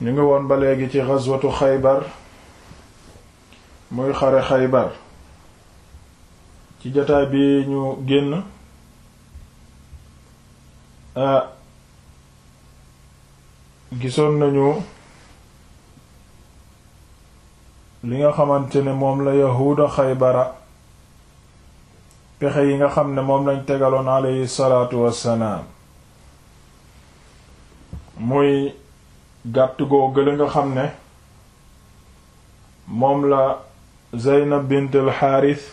ñu ngi woon ba léegi ci xaswatu xaybar muy xare xaybar ci jotaay bi ñu génn gisoon nañu li nga xamante ne moom la yahuuda xaybara pexe yi nga xam ne moom lañ tegaloon aleyhi salaatu wassalaam muy gàtt goo gële nga xam ne moom la Zeynab bint al Xaaris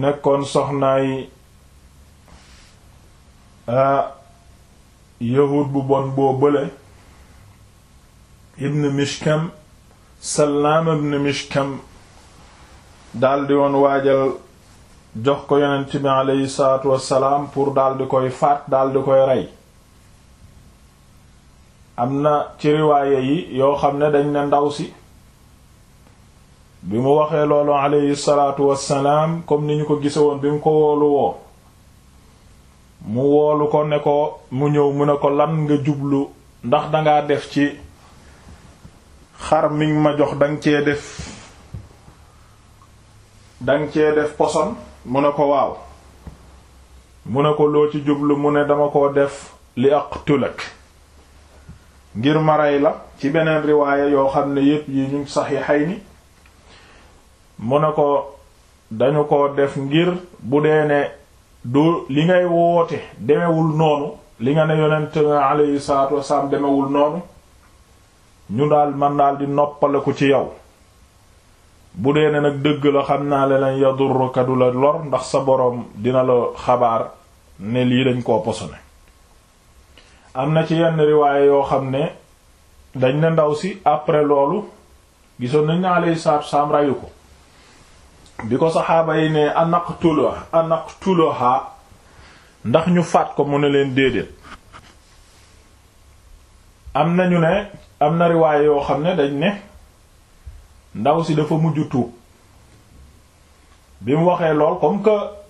nekkoon soxnaay yahud bu bon boo bële ibn Mishkam Salaam ibn Mishkam daldi woon waajal jox ko yonent bi aleyhi salaatu wassalaam pour daldi koy faat di koy rey am na ci riwaaya yi yoo xam ne dañ ne ndaw si bi mu waxee loolu aleyhi salaatu wassalaam comme ni ñu ko gise woon bi mu ko woolu woo mu woolu ko ne ko mu ñëw mu ne ko lan nga jublu ndax danga def ci xar mi nga ma jox danga cee def danga cee def poson mu ne ko waaw mu ne ko loo ci jublu mu ne dama ko def li aqtulak ngir maray la ci beneen riwaaya yoo xam ne yépp yi ñu sax saxiixay ni mu ne ko dañu ko def ngir bu dee ne du li ngay woote demewul noonu li nga ne yonent nga alayhi salaatu wasalaam demewul noonu ñu daal man daal di noppale ci yow bu dee ne nag dëgg la xam naa leneen yadurruka du la lor ndax sa boroom dina la xabaar ne lii dañ koo posone am na ci yenn riwaaye yoo xam ne dañ ne ndaw si après loolu gisoon nañ ne alayhi salaatu salaam rayu ko bi ko saxaaba yi ne anaqtuluha anaqtuluha ndax ñu faat ko mu ne leen déedéet am nañu ne am na riwaaye yoo xam ne dañ ne ndaw si dafa mujj tuub bi mu waxee lool comme que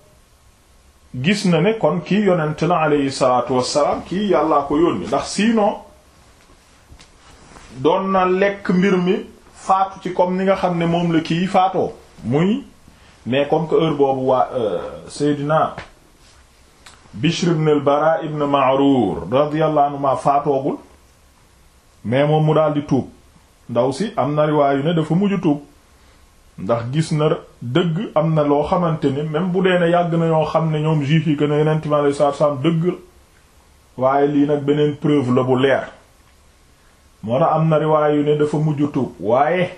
gis na ne kon kii yonent la aleyhi wassalaam kii yàllaa ko yónni ndax sinon doon na lekk mbir mi faatu ci comme ni nga xam ne moom la kii faatoo muy mais comme que heure boobu waa euh, Seydina Bishr ibn al-Bara ibn Ma'rur radiyallahu faatoogul mais moom mu daal di tuub ndaw si am na riwaayu ne dafa mujj tuub ndax gis na dëgg am na loo xamante ni même bu dee ne yàgg na ñoo xam ne ñoom juif yi que ne yeneen timaale saabsaab dëgg waaye lii nag beneen preuve la bu leer moo tax am na riwaay yu ne dafa mujj tuub waaye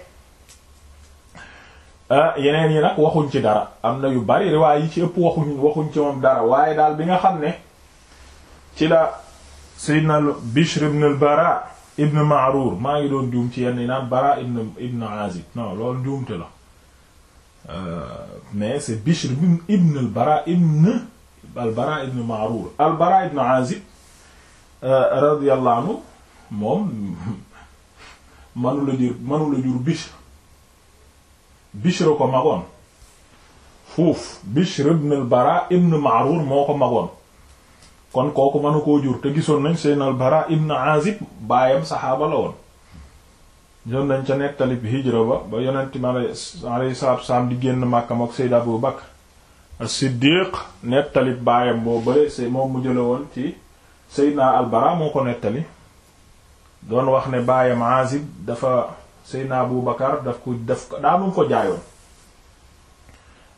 ah, yeneen yi nag waxuñ ci dara am na yu bari riwaay yi ci ëpp waxuñ waxuñ ci moom dara waaye daal bi nga xam ne ci la Seydina na ibn al-Bara ibn Ma'rur maa ngi doon juum ci yenn yi naan Bara ibn ibn Azib non loolu juumte la. mais c'est Bishr ibn al-Bara ibn al-Bara ibn Ma'rur al-Bara ibn Azib euh, radiyallahu anhu moom manula jur manula jur Bishr Bishr ko magoon foofu Bishr ibn al-Bara ibn Ma'rur moo ko magoon kon kooku mënu koo jur te gisoon nañ seen al-Bara ibn Azib baayam saxaaba la woon ñoon nañ ca nettalib hijra ba ba yonent mi alayhi di génn màkkam ak Seyd Abu Bakr as-Siddiq nettalib baayam boo bare se moom mu jële woon ci Seydina Albara moo ko nettali doon wax ne baayam Azib dafa Seydina Abu Bakar daf ko daf ko daa mu ko jaayoon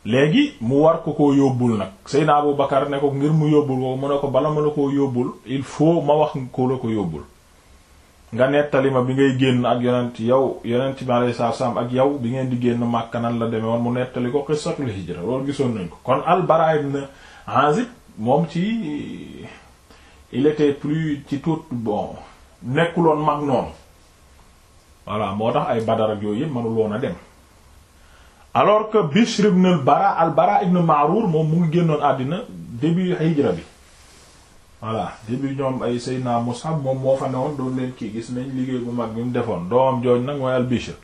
léegi mu war ko koo yóbbul nag Seydina Abu Bakar ne ko ngir mu yóbbul ko mu ne ko bala ma la koo yóbbul il faut ma wax ko la ko yóbbul nga nettali ma bi ngay génn ak yonent yow yonent bi alayhi salaam ak yow bi ngeen di génn Makka nan la demee woon mu nettali ko qissatul hijra loolu gisoon nañ ko kon al-Bara ibn Azib moom ci il était plus ci tout bon nekkuloon mag noonu voilà moo tax ay Badar ak yooyu yëpp mënuloon a dem alors que Bishr ibn al-Bara al-Bara ibn moom mu ngi génnoon àddina début hijra bi voilà début ñoom ay Seydina Musab moom moo fa newoon doon leen kii gis nañ liggéey bu mag bi mu defoon doomam jooj nag mooy al Bishr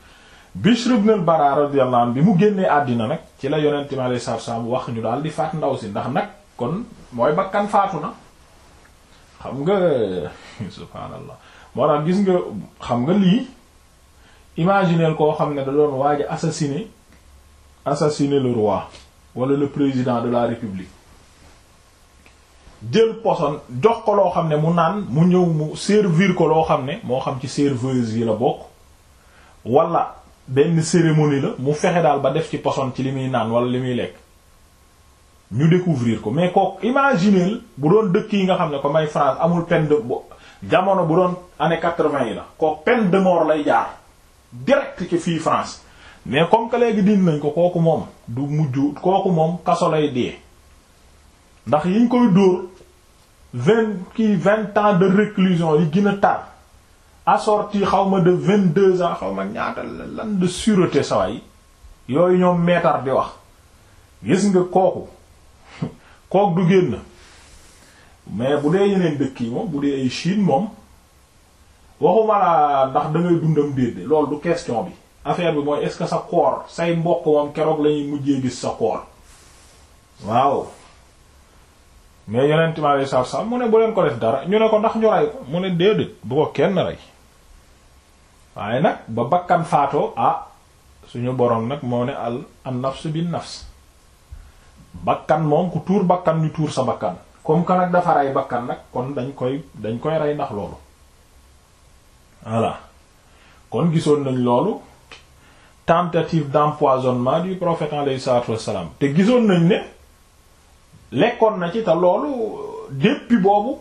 Bishr ibn al Bara bi mu génnee àddina nag ci la yonent mi alayhi salaatu wax ñu daal di faat ndaw si ndax nag kon mooy bakkan faatu na xam nga subhaanallah moo tax gis nga xam nga lii imagineel koo xam ne da doon waaj a assassiner le roi wala le président de la république jël poson jox ko loo xam ne mu naan mu ñëw mu servir ko loo xam ne moo xam ci serveuse yi la bokk wala benn cérémonie la mu fexe daal ba def ci poson ci li muy naan wala li muy lekk ñu découvrir ko mais kook imagineel bu doon dëkk yi nga xam ne comme ay France amul peine de jamono bu doon année quatre-vingt yi la kook peine de mort lay jaar direct ci fii France mais comme que léegi nañ ko kooku moom du mujj kooku moom kaso lay dee ndax yiñ koy dóor vingt kii vingt ans de réclusion yi gën a tar assorti xawma de vingt deux ans xawma ñaata lan de sureté saway yooyu ñoom meetar di wax gis nga kooku kook du génn mais bu dee yeneen dëkk yi moom bu dee ay Chine moom waxuma la ndax da ngay dundam déedéet loolu du question bi affaire bi mooy est-ce que sa koor say mbokk moom keroog lañuy mujjee gis sa koor waaw mais yonent mi alayhi salaatu salaam mu ne bu leen ko def dara ñu ne ko ndax ñu rey ko mu ne déedéet bu ko kenn rey waaye nag ba bakkan faatoo ah suñu boroom nag moo ne al an nafs bin nafs bakkan moom ku tuur bakkan ñu tuur sa bakkan comme que nag dafa rey bakkan nag kon dañ koy dañ koy rey ndax loolu voilà kon gisoon nañ loolu tentative d'empoisonnement du prophète alayhi salaatu wassalaam te gisoon nañ ne lekkoon na ci te loolu depuis boobu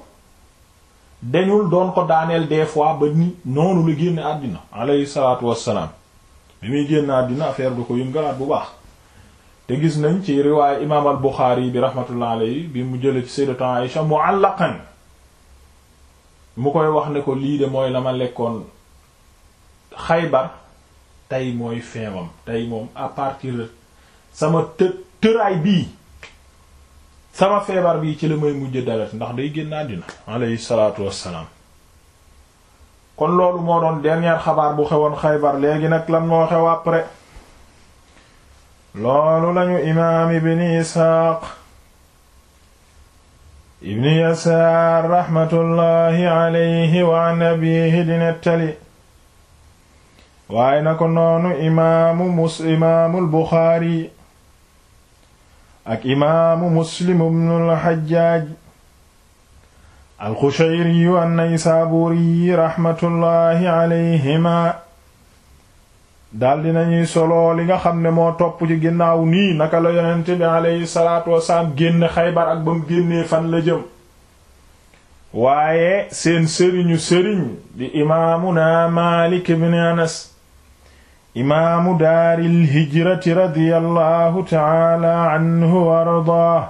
dañul doon ko daaneel des fois ba ni noonu la génne àddina alayhi salaatu wassalaam bi muy génn àddina affaire bi ko yëngalaat bu baax te gis nañ ci riwaaya imaam al Buxaari bi rahmatullah alayhi bi mu jële ci sayyidatu Aïsha mu'allaqan mu koy wax ne ko lii de mooy la ma lekkoon Xaybar tey mooy feewam tey moom à partir sama të tëraay bii sama feebar bii ci la may mujj deret ndax day génn àddina alayhi salaatu wassalaam kon loolu moo doon dernier xabaar bu xewoon Xaybar léegi nag lan moo xew après loolu lañu imaam ibni Isxaaq ibni Yasaar raxmatullaahi alayhi wa an abiihi waaye na noonu imaamu mus imaamul Buxaari ak imaamu muslim ibnul xajjaaj alxushayriyu annaysaabuuri raxmatullaahi alayhima daldi nañuy solo li nga xam ne moo topp ci ginnaaw nii naka la yonent bi alayhi salaatu wasalaam génne xaybar ak ba mu fan la jëm waaye seen sëriñu sëriñ di imaamu naa maalik ibn anas imaamu daaril hijrati radiyallahu taala anhu wa ardaah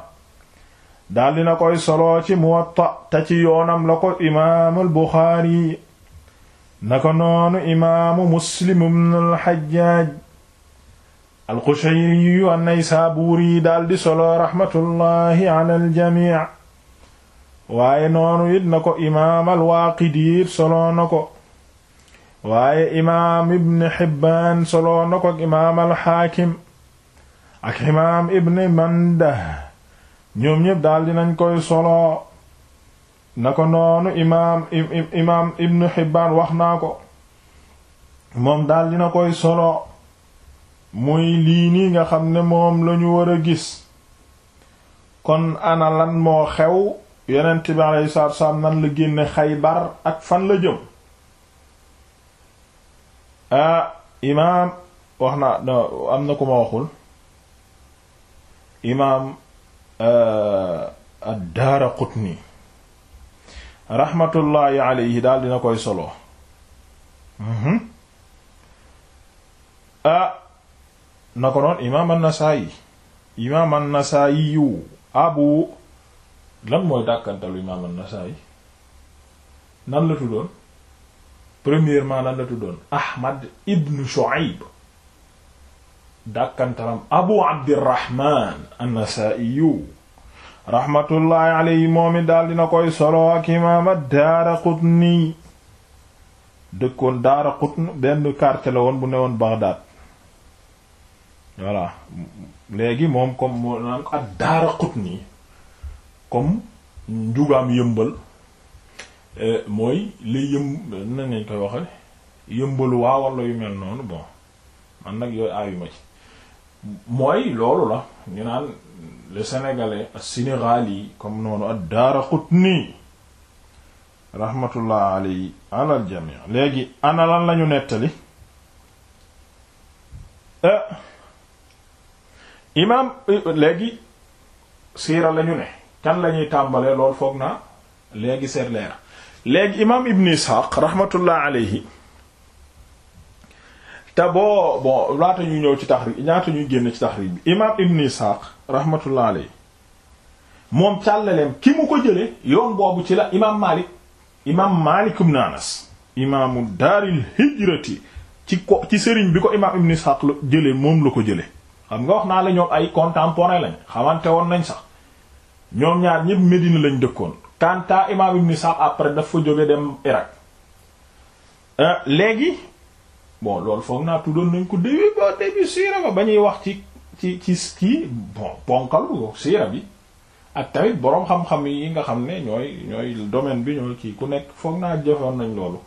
daal dina koy solo ci muwatta ta ci yoonam la ko imaamul buxaari naka noonu imaamu muslim ibnul hajjaaj alqushayri yu an-naysaabuuri daal di solo raxmatullahi alal jamii waaye noonu it na ko imaam al waaqidi solo na ko waaye imaam ibn Hibbaan soloo na ko ak imaam al-Haakim ak imaam ibn Mandah ñoom ñépp daal dinañ koy soloo na ko noonu imaam imaam ibn wax naa ko moom daal dina koy soloo muy lii nii nga xam ne moom lañu war a gis kon ana lan moo xew yeneen bi alayhi salaatu wa nan la génne Xaybar ak fan la jëm ah imaam wax na no am na ku ma waxul imaam ah, ad-Daaraqutni raxmatullaahi alayhi daal dina koy solo mhm. ah na ko noon imaam an-Nasaa'i imaam an yu abu lan mooy dàkkantalu imaam an-Nasaa'i nan la tuddoon premièrement lan la tuddoon Ahmad ibn Shu'ayb dàkkantaram Abu Abdirrahman an-Nasaa'iyu rahmatullahi alayhi moom it daal dina koy solo ak imaam ad-Daaraqutni dëkkoon Daaraqutn benn quartier la woon bu ne woon Baghdad voilà léegi moom comme moo naan ad-Daaraqutni comme njugaam yëmbal Euh, mooy lay yëm nan lañ koy waxe yëmbalu waa wala yu mel noonu bon man nag yooyu aayuma ci mooy loolu la ñu naan le sénégalais as-Sénégali comme noonu ad-Daraqutni rahmatullah alayhi ala al-jami léegi ana lañu nettali euh, imaam euh, léegi siira lañu ne kan lañuy tàmbalee loolu foog naa léegi c'est leer léegi imaam Ibn Ishaq rahmatullah alayhi te boo bon laata ñu ñëw ci taxriij ñaata ñuy génn ci taxriij bi imaam Ibn Ishaq rahmatullah alayhi moom càllaleem ki mu ko jële yoon boobu ci la imaam Maalik imaam Maalik ibn Anas imaamu daaril hijrati ci ko ci sëriñ bi ko imaam Ibn Ishaq jële moom la ko jële xam nga wax naa la ñoom ay contemporain lañ xamante woon nañ sax ñoom ñaar ñépp Medina lañ dëkkoon kanta imaam ibn Sa'd après daf fa jóge dem Irak euh, léegi bon loolu foog naa tuddoon nañ ko début ba début siira ba ba ñuy wax ci ci ci ski bon bonkalu siira bi ak tamit boroom xam-xam yi nga xam ne ñooy ñooy domaine bi ñooy kii ku nekk foog naa jëfoon nañ loolu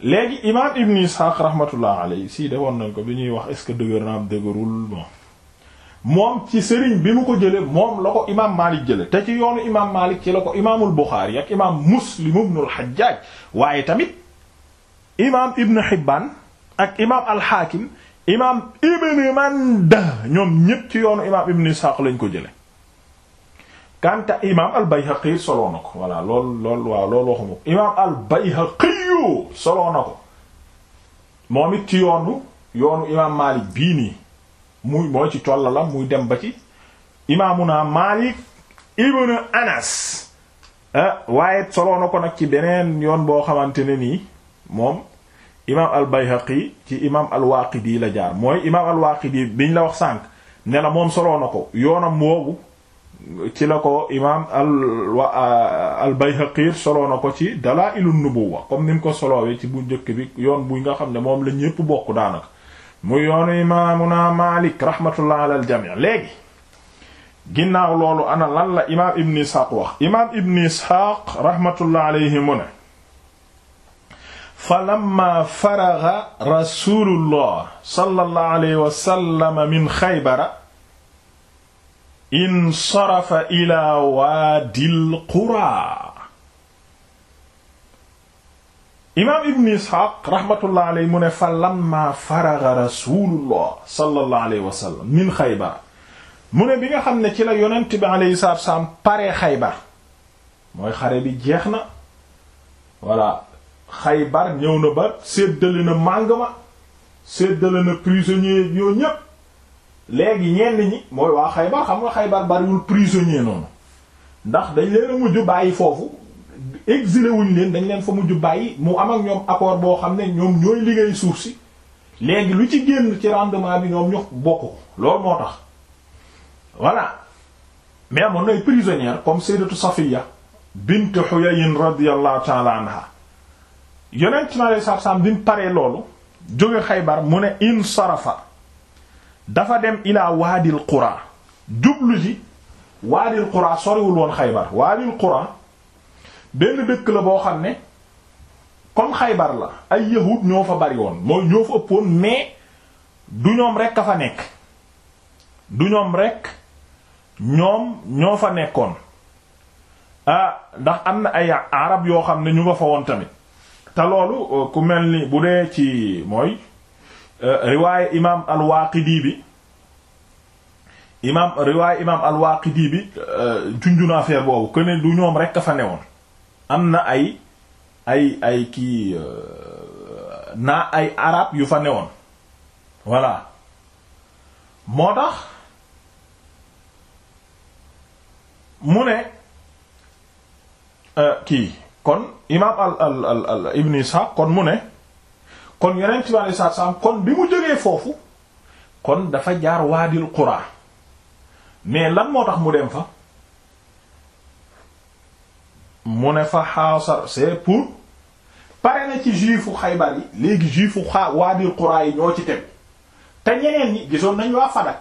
léegi imaam ibn Ishaq rahmatullah alayhi si defoon nañ ko bi ñuy wax est-ce que dëgër na am dëgërul bon moom ci sëriñ bi mu ko jële moom la ko imaam Maalik jële te ci yoonu imaam Maalik ci la ko imaamul Buxaari ak imaam Muslim ibnul Hajjaaj waaye tamit imaam Ibn Hibbaan ak imaam al-Haakim imaam Ibn Manda ñoom ñépp ci yoonu imaam Ibn Isxaaq lañ ko jële kanta imaam al-Bayhaqi soloo na ko voilà lool imaam al-Bayhaqi soloo ko moom it ci yoonu yoonu imaam Maalik bii mu mooy ci tolla la muy dem ba ci imaamuna Malik ibn Anas eh, waaye soloon na ko nag ci beneen yoon boo xamante ne nii moom imaam al-Bayhaqi ci imaam al-Waaqidi la jaar mooy imaam al-Waaqidi biñ la wax sànq ne la moom soloo na ko yoonam woowu ci la ko imaam euh, al-Bayhaqi soloon na ko ci Dalaa'ilun Nubuwwa comme ni mu ko solowee ci bu jëkk bi yoon bu nga xam ne moom la ñépp bokk daanaka mu yoonu imaamuna Maalik rahmatullah ala aljamii léegi ginnaaw loolu ana lan la imaam Ibn Isxaaq wax imaam Ibn Isxaaq rahmatullah alayhi mu ne falamma faraga rasulullah sallallahu alayhi wa sallam min xaybara insarafa ila waadil qura imaam ibn isxaaq rahmatullah aley mu ne fa lamma faraga rasulullah sallallahu alayhi wa sallam min xaybar mu ne bi nga xam ne ci la yonent bi aleyhi salaatu pare paree xaybar mooy xare bi jeex na voilà xaybar ñëw na ba séddale na màng ma séddale na prisonnier ñoo ñépp léegi ñenn ñi mooy waa xaybar xam nga xaybar bariwul prisonnier noonu ndax dañ leen mujj bàyyi foofu exilé wuñ leen dañ leen fa mujj bàyyi mu am ak ñoom accord boo xam ne ñoom ñooy liggéey suuf si léegi lu ci génn ci rendement bi ñoom ñu bokk ko loolu moo tax voilà mais amoon nay prisonnière comme sayyidatu Safiya bint Huyay radiyallahu ta'ala anha yonent mi alei satu salaam bi mu paree loolu jóge Xaybar mu ne insarafa dafa dem ilaa waadil qura jublu ji waadil qura soriwul woon Xaybar waadil qura benn dëkk la boo xam ne comme xaybar la ay yahud ñoo fa bari woon mooy ñoo fa ëppoon mais du ñoom rekk a fa nekk du ñoom rek ñoom ñoo fa nekkoon ah ndax am na ay yoo xam ne ñu nga woon tamit te loolu euh, ku mel ni bu dee ci mooy euh, riwaaye imaam al-Waaqidi bi imaam riwaaye imaam al-Waaqidi bi euh, junjuna affaire boobu que du ñoom rek a fa newoon am na ay ay ay kii euh, naa ay arab yu fa woon voilà moo tax mu ne euh, kii kon imaam al al al al ibn kon mu ne kon yeneen ci wàllu saam kon bi mu jógee foofu kon dafa jaar waadil Qura mais lan moo tax mu dem fa. mu ne fa xaasar c'est pour pare na ci juifu xaybar yi léegi juifu xaa waadil xuraa yi ñoo ci tegu te ñeneen ñi gisoon nañ waa Fadak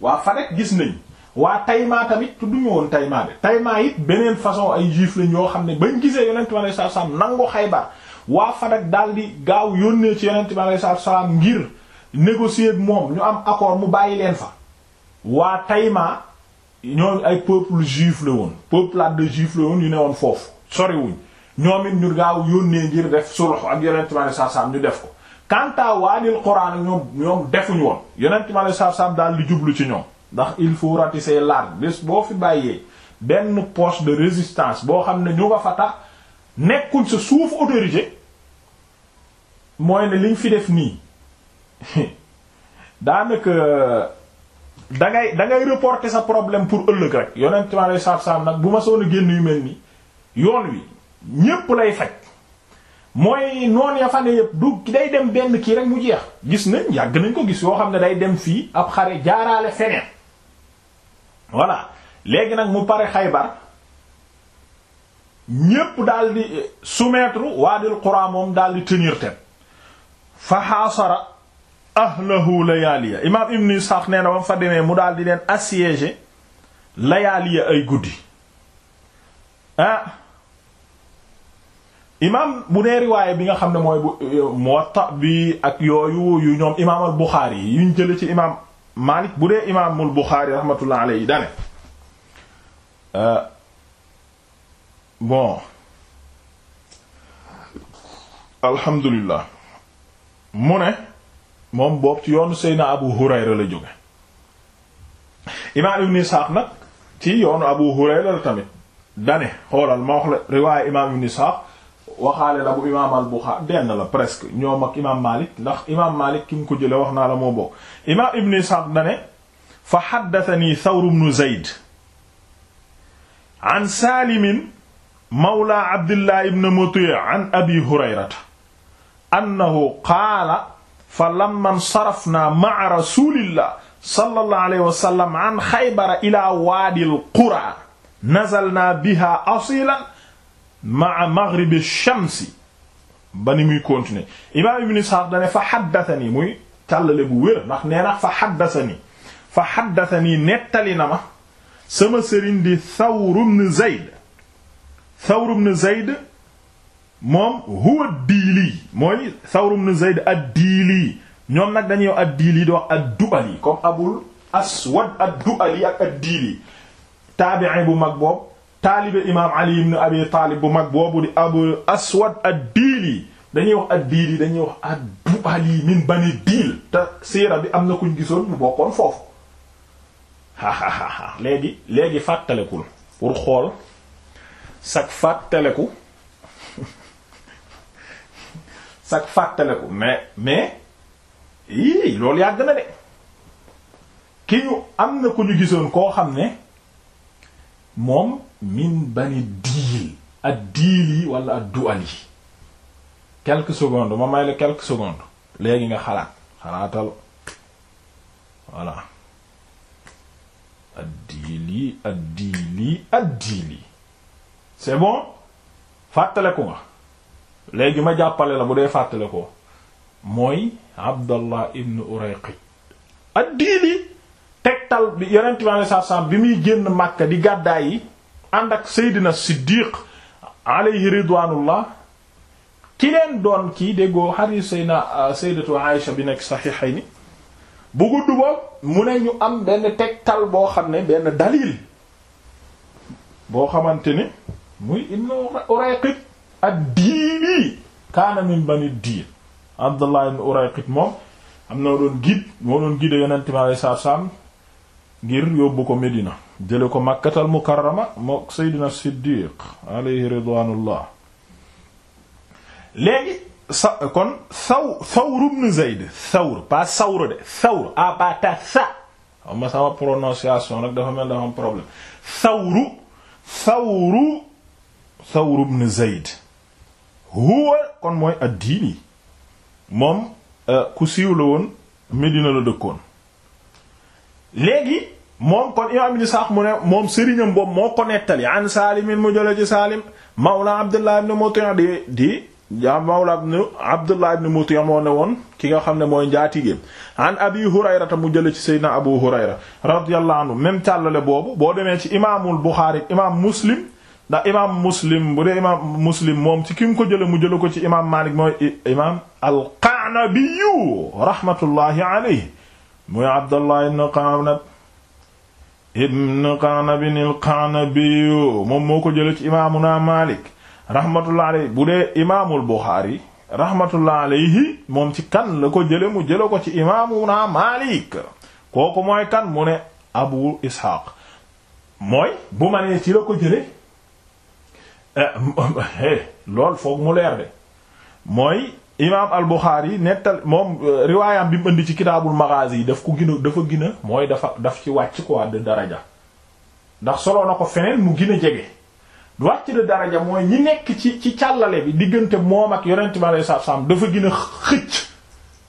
waa Fadak gis nañ waa Tayma tamit tudd ñu woon Tayma de Tayma it beneen façon ay juif lañ yoo xam ne bañ gisee yonent bi alayhi salaatu salaam nangu xaybar waa Fadak daal di gaaw yónnee ci yonent bi alayhi ngir négocier ak moom ñu am accord mu bàyyi leen fa waa Tayma. ñoo ay peuple juif la woon peuplade de juif la woon yu ne woon foofu soriwuñ ñoom it ñu gaaw yónnee ngir def sulh ak yonent mi saa saam ñu def ko kanta waalil quraan ñoom ñoom defuñu woon yonent mi saa saam daal di jublu ci ñoom ndax il faut ratisser large bés boo fi bàyyee benn poche de résistance boo xam ne ñu nga fa tax nekkuñ sa suuf autorisé mooy ne liñ fi def nii daanaka. da ngay da ngay reporter sa problème pour ëllëg rek yonent ma lay saab nag bu ma soon génn yu mel ni yoon wi ñépp lay faj mooy noon ya yëpp du day dem benn kii rek mu jeex gis nañ yàgg nañ ko gis yoo xam ne day dem fii ab xare jaaraale feneen voilà léegi nag mu pare Xaybar ñépp daal di soumettre Wâdil Qourâ moom daal di tenir tête fa xaasara ahlahu layaaliya imaam ibn Isxaaq nee na ba mu fa demee mu daal di leen assiégé layaaliya ay guddi ah imaam bu nee riwaaye bi nga xam ne mooy bu Muwatta bi ak yooyu yu ñoom imaamal Buxaari yi yuñ jële ci imaam Maalik bu dee imaamul Buxaari rahmatullah alayhi dane ah, bon alhamdulillah mu ne moom boobu ci yoonu Seydina Abu Hurayra la imaam Ibn Isxaaq nag ci yoonu Abu Hurayra la tamit dane xoolal ma wax imaam Ibn Isxaaq waxaale la bu imaam al Buxaari benn la presque imaam Maalik ndax imaam Maalik ki mu ko wax naa la moo bokk imaam Ibn Isxaaq dane fa haddathanii Thawr ibn Zayd an Saalimin mawla Abdullah ibn Mutii' an Abi Hurayrata annahu qaala fa lamma sarafna ma'a rasulillah sallallahu alayhi wa sallam an xaybara ila waadil qura nazalna biha asilan ma'a maghribi shamsi ba ni muy continuer imaam ibn Isxaaq dane fa xaddatani muy tàllale bu wér ndax nee na fa xaddatani fa xaddatani nettali na ma sama sëriñ di Thawr ibn Zayd Thawr ibn Zayd moom huwa diili mooy Sawr ibn Zayd ad-Diili ñoom nag dañuy ak diili di wax ad-Du'ali comme Abul Aswad ad-Du'ali ak ad-Diili taabi'i bu mag boobu taalibe imaam Ali ibn Abi Taalib bu mag boobu di Abul Aswad ad-Diili dañuy wax ak diili dañuy wax ad-Du'ali min Bani Diil te siira bi am na kuñ gisoon mu bokkoon foofu léegi léegi fàttalekul pour xool sag fàttaleku sag fàttaleku mais mais ii loolu yàgg na de ki ñu am na ku ñu gisoon koo xam ne moom min bani diil ak diil yi wala ak dual yi quelques secondes ma may la quelques secondes léegi nga xalaat xalaatal voilà ak diil yi ak diil yi ak diil yi c'est bon fàttaleku nga léegi ma jàppale la mu dee fàttale ko mooy abdallah ibn urayqit addiili tegtal bi yonent bi saa saam bi muy génn Makka di gàddaay yi ànd ak seydina siddiq alayhi ridwanullah ki leen doon kii déggoo xarit seydina euh, sayyidatu bi nekk saxiixayni bu gudd boobu mu ne ñu am benn tegtal boo xam ne benn dalil boo xamante ni muy ibn urayqit ad-diini kaana min bani diin Abdullah ibn Urayqit moom am na doon giid moo doon giide yonent mi alayhi salaatu salaam ngir yóbbu ko Medina jële ko Makkatal Mukarrama moo Seydina Siddiq alayhi ridwaanullah léegi sa kon saw Thawr ibn Zayd Thawr pas Sawr de Thawr abata ah, sa xam sama prononciation nag dafa mel dafa am problème Thawr Thawr Thawr ibn Zayd huwa kon mooy ad-diini moom euh, ku siiw la woon Medina la dëkkoon léegi moom kon imaam ibn Isaaq mu ne moom sëriñam boobu moo ko nettali an Saalimin mu jële ci Saalim mawla Abdullah ibn Muti' di di ja mawla ibn Abdullah ibn Muti' moo ne woon ki nga xam ne mooy njaatigéem an Abi Hurayrata mu jële ci Seydina Abu Hurayra radiyallahu anhu même càllale boobu boo demee ci imaamul Buxaari imaam Muslim ndax imaam muslim bu dee imaam muslim moom ci ki ko jële mu jële ko ci imaam Maalik mooy imaam al-Qanabiyu alayhi muy Abdallah ibn Qanab moom moo ko jële ci imaamuna Maalik rahmatullahi alayhi bu dee imaamul Buxaari rahmatullahi alayhi moom ci kan la ko jële mu jële ko ci imaamuna Maalik kooku mooy kan mu ne Abu Isxaaq mooy bu ma ci la ko jële Eh, lool foog mu leer de mooy imaam al-Bukhari nettal moom eh, riwaayam bi mu indi ci kitaabul Maghazi yi daf ko gën dafa gën a mooy dafa daf ci wàcc quoi de daraja ndax solo na ko feneen mu gën a jege wàcc de daraja mooy ñi nekk ci ci càllale bi diggante moom ak yonent bi alayhi salaam dafa gën a xëcc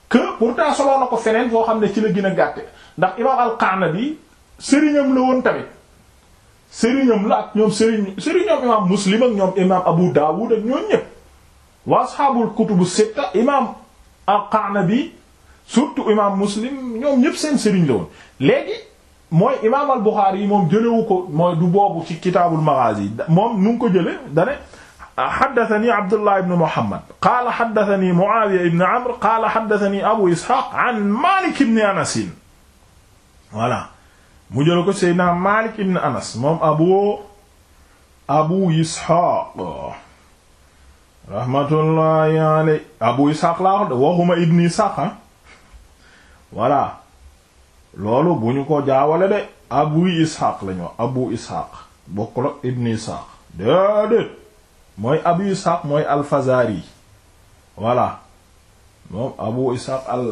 que pourtant solo na ko feneen foo xam ne ci la gën a gàtte ndax imaam al-Qanabi sëriñam la woon tamit. sëriñam la ak ñoom sëriñ sëriñam imaam muslim ak ñoom imaam abu daawud ak ñoom ñépp waa asxaabul kutubu sitta imaam al-Qanabi surtout imaam muslim ñoom ñépp seen sëriñ la woon léegi mooy imaam al-Buxaari yi moom jëlewu ko mooy du boobu ci kitaabul maghaazi moom nu ngi ko jële dane xaddatani abdullah ibn muhammad qaala xaddatani muawiya ibn amr qaala xaddatani abu isxaaq an maalik ibn anas voilà mu jëla ko seydna Malik ibn Anas moom abu abu Isxaaq rahmatullahi aley abu Isxaaq laa waxuma ibn Isxaaq ah voilà loolu bu ñu ko jaawale de abu Isxaaq lañu wax abu Isxaaq bokkul ak ibn Isxaaq déedéet mooy abu Isxaaq mooy al-Fazari moom abu Isxaaq al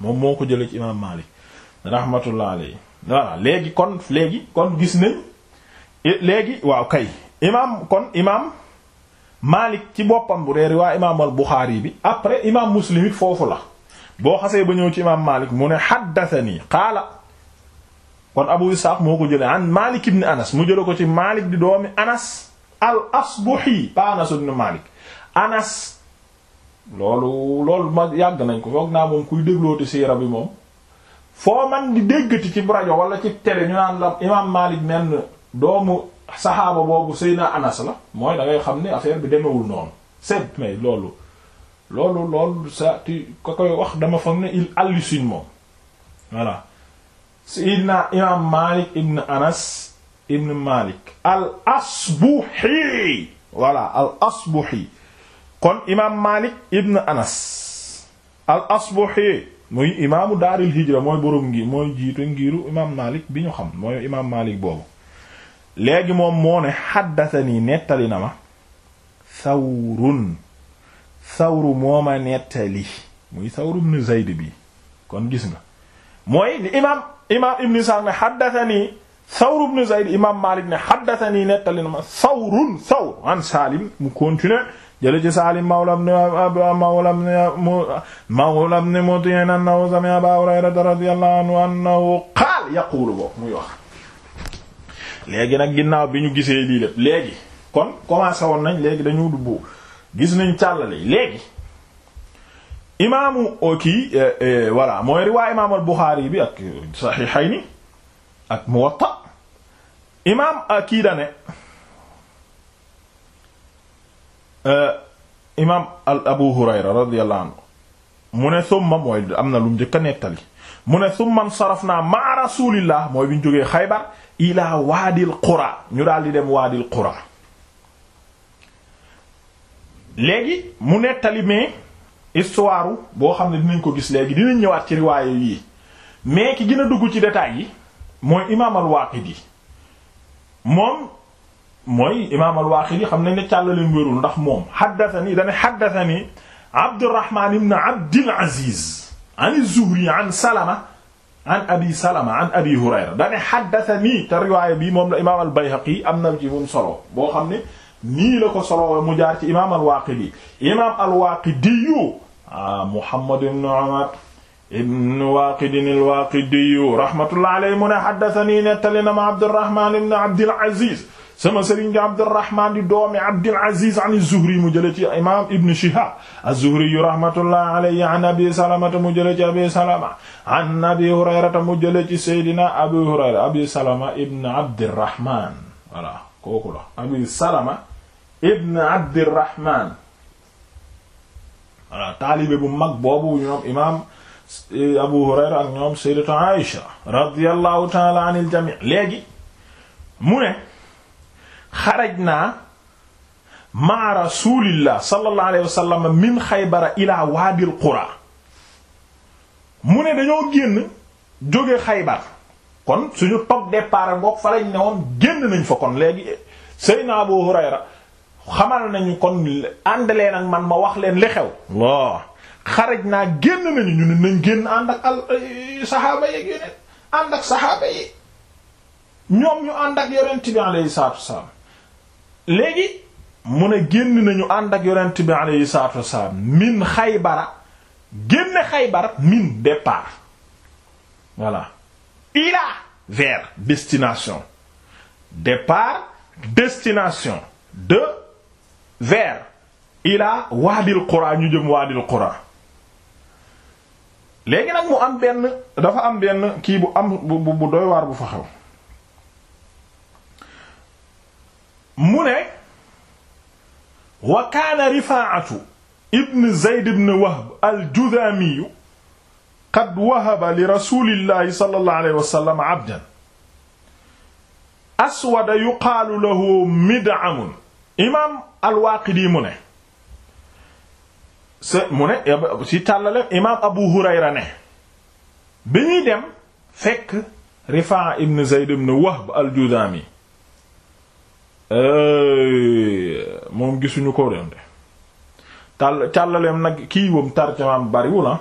moom moo ko jëlee ci imaam Malik rahmatullahi aley voilà léegi kon léegi kon gis nañ léegi waaw kay imaam kon imaam Malik ci boppam bu dee riwaa imaam al Buxaari bi après imaam Muslim it foofu la boo xasee ba ñëw ci imaam Malik mu ne haddathani kaala kon Abu Isaaq moo ko jëlee an Malik ibn Anas mu jëlee ko ci Malik di doomi Anas al Asbahi ba Anas ibn Malik Anas loolu loolu ma yàgg nañ ko foog naa moom kuy dégloote siira bi moom foo man di déggati ci rajo wala ci télé ñu naan la imaam Malik menn doomu saxaaba boobu Seydina Anas la mooy da xam ne affaire bi demewul noonu c'est mais loolu loolu loolu sa ti ko koy wax dama foog ne il hallucine moom voilà Seydina imaam Malik ibn Anas ibn Malik al Asbuhi voilà al Asbuhi kon imaam Malik ibn Anas al Asbuhi muy imaamu daaril hijra mooy borom ngi mooy jiite ngiru imaam Malik bi ñu xam mooy imaam Malik boobu léegi moom moo ne xaddatani nettali na ma sawrun sawru moo ma nettali muy sawru ibn Zayd bi kon gis nga mooy ni imaam imaam ibn Sa'd ne xaddatani sawru ibn Zayd imaam Malik ne xaddatani nettali na ma sawrun sawr an Salim mu continuer jële ci Saalim mawla ibn mawla ibn Muti'in annahu sami'a Abaa Hurayrata radiyallahu anhu annahu qaala yaquulu boobu muy wax léegi nag ginnaaw bi ñu gisee lii lépp léegi kon commencé woon nañ léegi dañu dubbu gis nañ càllale léegi imaamu oh, kii eh, eh, voilà mooy riwaay imaam al bi ak Saxiixayni ak Muwatta imaam ah, kii Euh, imaam al abu hurayra radiyallahu anhu mu ne summa mooy am na lu mu njëkk a nettali mu ne summa sarafnaa maa rasulillah mooy bi ñu jógee xaybar ilaa waadil qura ñu daal di dem waadil qura léegi mu nettali mais histoire boo xam ne dinañ ko gis léegi dinañ ñëwaat ci riwaaye yii mais ki gën dugg ci détails yi mooy imaam al waaqidi moom mooy imaam al-Waaqidi xam nañ ne càllaleen wérul ndax moom haddathani dane haddathani Abdurrahman ibn Abdil Aziz an az-Zuhri an Salama an Abi Salama an Abi Hurayra dane haddathani te riwaaya bi moom la imaam al-Bayhaqi am na ci moom solo boo xam ne nii la ko solo mu jaar ci imaam al-Waaqidi imaam al-Waaqidi ah Muhammad ibn Umar ibn Waaqidin al-Waaqidi rahmatullahi alayhi mu ne haddathani nettali na ma Abdurrahman ibn Abdil Aziz sama sëriñ nga Abdurrahman di doomi Abdul Aziz an az-Zuhri mu jële ci imam Ibn Shihab az-Zuhri rahmatullah alayhi an Abi Salamata mu jële ci Abi Salama an Abi Hurayrata mu jële ci Seydina Abi Hurayra Abi Salama ibn Abdurrahman voilà kooku la Abi Salama ibn Abdurrahman voilà taalibe bu mag boobu ñoom imam eh, Abu Hurayra ak ñoom Sayyidatu Aïsha radiyallahu ta'ala anil jami' léegi mu ne xaraj naa maa rasulillah sallallahu alayhi wa sallam min xaybara ila waadil qura mu ne dañoo génn jóge xaybar kon suñu toog départ ngoog fa lañ ne woon génn nañ fa kon léegi Seydina Abu Hurayra xamal nañu kon ànd leen ak man ma wax leen li xew waaw xaraj naa génn nañu ñu ne nañ génn ànd ak al saxaaba yeeg yeneen ànd ak saxaaba yi ñoom ñu ànd ak yonent bi alayhi salaatu wassalaam léegi mu ne génn nañu ànd ak yonent bi aleyhi salatu wasalaam min xaybara génne xaybar min départ voilà ila vers destination départ destination de vers ila waadil qura ñu jëm waadil qura léegi nag mu am benn dafa am benn kii bu am bu bu doy waar bu fa xew mu ne wa kaana rifaatu ibn zayd ibn wahb aljudaamiyu qad wahaba li rasulillahi sallallahu alayhi wa sallam abdan aswada yuqaalu lahu mid'amun imaam alwaaqidi mu ne se mu ne si tàllale imaam abu hurayra ne bi ñuy dem fekk rifaa ibn zayd ibn wahb aljudaami moom gisuñu ko doon de tàll càllaleem nag kii wam tarjamaam bariwul ah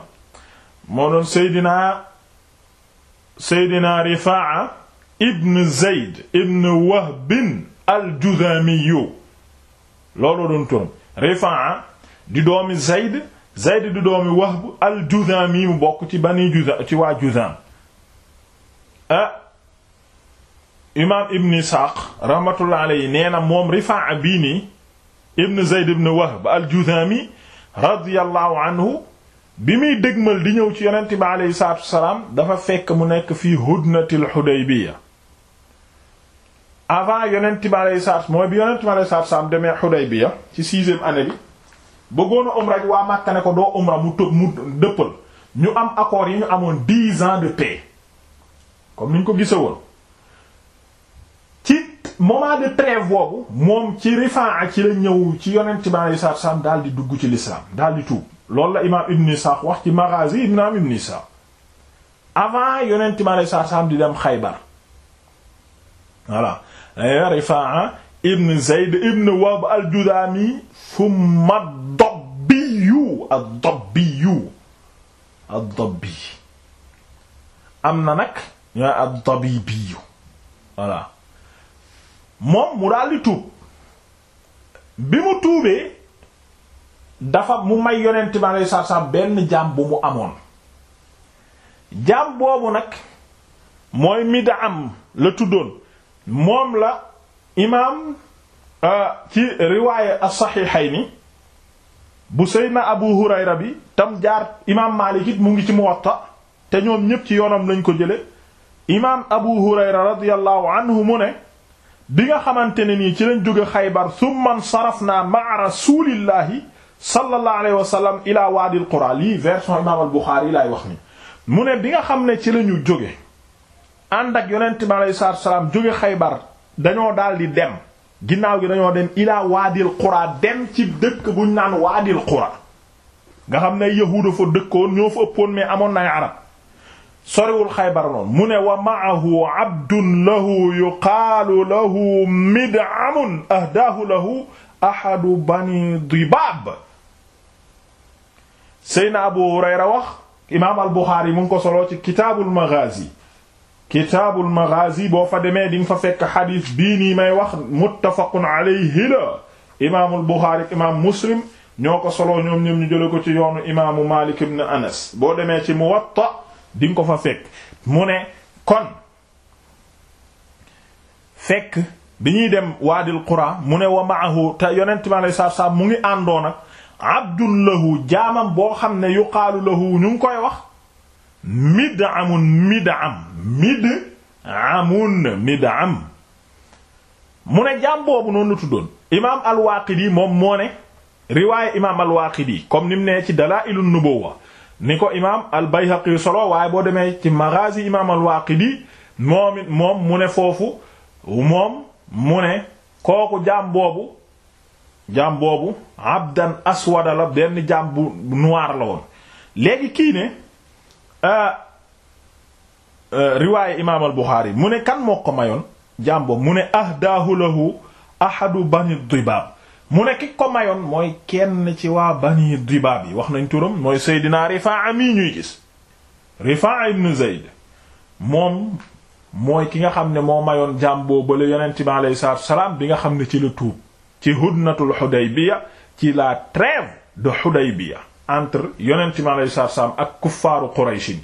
moo doon Seydina Seydina Rifaa ibn Zayd ibn Wahb al-Judhami doon turam Rifaa di doomi Zayd Zayd di doomi Wahb al mu bokk ci bani Judham ci waa Judham ah imaam ibn Isaaq rahmatullah alayhi nee na moom Rifaa'a bii nii ibn Zayd ibn Wahb al-Juzaami radiyallahu anhu bi muy dégmal di ñëw ci yonent bi aleyhi salaatu wasalaam dafa fekk mu nekk fii hudnatil Hudaybiya avant yonent bi aleyhi salaatu mooy bi yonent bi aleyhi salaatu demee Hudaybiya ci sixième année bi bëggoon a umra ji waa Makka ne ko doo umra mu tëb mu dëppal ñu am accord yi ñu amoon dix ans de paix comme niñ ko woon moment de trêve boobu moom ci Rifaa ci la ñëw ci yonent bi alayhi salaatu salaam daal di dugg ci l'islam daal di tuub loolu la imaam Ibn Isaaq wax ci Maghazi imaam Ibn Isaaq avant yonent bi alayhi salaatu salaam di dem Xaybar voilà Rifaa ibn Zayd ibn Wahb al-Judaami thumma ad-Dabbi ad-Dabbi am na nag ñooy ad-Dabibi voilà moom mu daal di tuub bi mu tuubee dafa mu may yonent bi alayhi salaatu salaam benn jaam bu mu amoon jaam boobu nag mooy Mid'am la tuddoon moom la imaam euh, ci riwaaya as-Sahihayni bu Seydina Abu Hurayra bi tam jaar imaam Maalik it mu ngi ci Muwatta te ñoom ñépp ci yoonam lañ ko jële imaam Abu Hurayra radiyallahu anhu mu ne bi nga xamante ne nii ci lañ jóge xaybar thumma sarafna ma'a rasulillahi sallallahu alayhi wa sallam ila waadil qura lii version imaam buxaari yi laay wax ni mu ne bi nga xam ne ci la ñu jóge ànd ak yonent bi alayhi salaatu salaam jóge xaybar dañoo daal di dem ginnaaw gi dañoo dem ila waadil qura dem ci dëkk bu naan waadil qura nga xam ne yahuuda fa dëkkoon ñoo fa ëppoon mais amoon nay arab soriwul xaybar noonu mu ne wa maahu abdun lahu yuqaalu lahu mid'amun ahdaahu lahu ahadu bani dibaab seyna abu hurayra wax imaam al buxaari mu ngi ko soloo ci kitaabul maghaazi kitaabul maghaazi boo fa demee di nga fa fekk xadiis bii nii may wax muttafaqun alayhi la imaamul buxaari imaam muslim ñoo ko soloo ñoom ñoom ñu jële ko ci yoonu imaamu maalik ibn anas boo demee ci muwatta di nga ko fa fekk mu kon fekk bi dem waadil qura mu ne wa maahu te yonent bi alei satu mu ngi àndoon ak abdun jaamam boo xam ne yuqaalu lahu ñu koy wax mid'amun mid'am mid'amun mid'am mu ne jaam boobu noonu la tuddoon imaam al-Waaqidi moom moo riwaaya imaam al-Waaqidi comme ni mu ne ci Dalaa'ilun Nubuwwa ni ko imaam al-Bayhaqi solo waaye boo demee ci Maghazi imaam al-Waqidi moom it moom mu ne foofu moom mu kooku jaam boobu jaam boobu abdan aswada la benn jaam bu noir la woon léegi kii ne euh, euh, imaam al-Bukhari mu ne kan moo mayoon jaam boobu mu ne ahdaahu lahu ahadu bani dibaab mu ne ki ko mayoon mooy kenn ci waa bani dibaab yi wax nañ turam mooy Seydina Rifaa mii ñuy gis Rifaa ibn Zayd moom mooy ki nga xam ne moo mayoon jaam boobu la yonent bi alayhi salaatu salaam bi nga xam ne ci la tuub ci hudnatul Hudaybiya ci la trêve de Hudaybiya entre yonent bi alayhi salaam ak kuffaaru Quraysh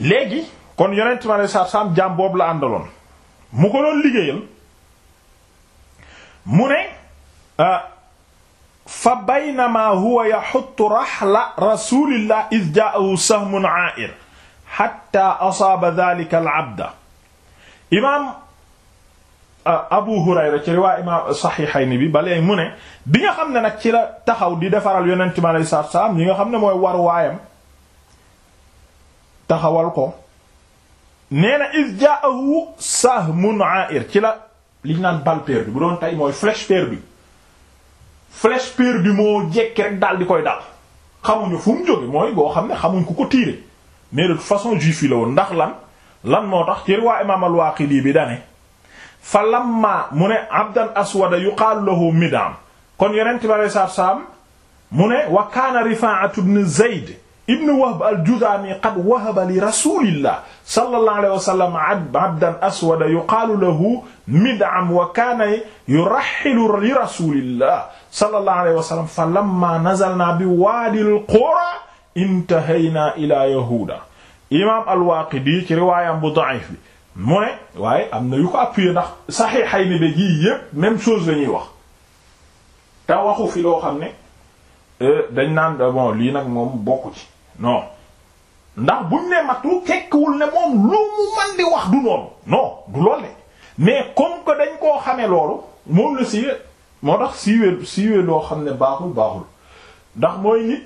léegi kon yonent bi alayhi salaatu salaam jaam boobu la àndaloon mu ko doon liggéeyal. mu ne ah, fa baynama huwa yaxuttu raxla rasulillah id jaahu sahmun aair xatta asaaba dalika alabda imaam ah, abu hurayra ci riwaa imaam saxiixayni bi balee mu ne bi nga xam ne nag ci la taxaw di defaral yonente mi aleyi salaatu salaam yi nga xam ne mooy war waayam taxawal ko nee na id jaahu sahmun aair ci la li ñu naan balle perdue bu doon tey mooy flèche perdue flèche perdue moo jekki rek daal di koy dal xamuñu fu mu mooy boo xam ne xamuñ ku ko tiire mais façon juif woon ndax lan lan moo tax ci riwaa imaam al-Waaqidi bi dane fa lamma mu ne abdan aswada yuqaalu lahu midam kon yonent bi alei saatu mu ne wa kaana rifaatu ibn zayd ibn wahb al-juzaami qad wahaba li rasulillah sallallahu alayhi wa sallam abdan aswada yuqaalu lahu mid'am wa kaana yurahhilu li rasulillah sallallahu alayhi wa sallam fa lamma nazalna bi waadi al-qura intahaynaa ila yahuuda imaam al-Waaqidi ci riwaayam bu da'if bi mu ne waaye am na yu ko appuyé ndax saxiixayni be gi yépp même chose la ñuy wax te waxu fi loo xam ne euh, dañ naan bon lii nag moom bokku ci non ndax bu ne matu tekkiwul ne moom lu mu man di wax du noonu non du lool de mais comme que dañ koo xamee loolu moom la siiwee moo tax siiwee siiwee loo xam ne baaxul baaxul ndax mooy nit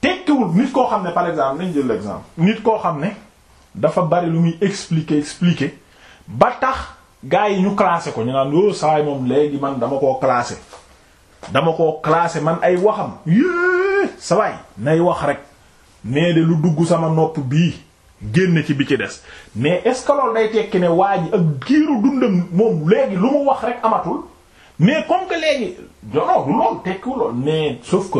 tekkiwul nit koo xam ne par exemple nañ jël exemple nit koo xam ne dafa bari lu muy expliquer expliquer ba tax gaa yi ñu classé ko ñu naan oh saa moom léegi man dama koo classé. dama ko classé man ay waxam yée sawaay nay wax rek mais de lu dugg sama nopp bii génn ci bi ci des mais est-ce que loolu day tekki ne waa ji ak giiru dundam moom léegi lu mu wax rek amatul mais comme que léegi non du lool tekkiwu lool mais sauf que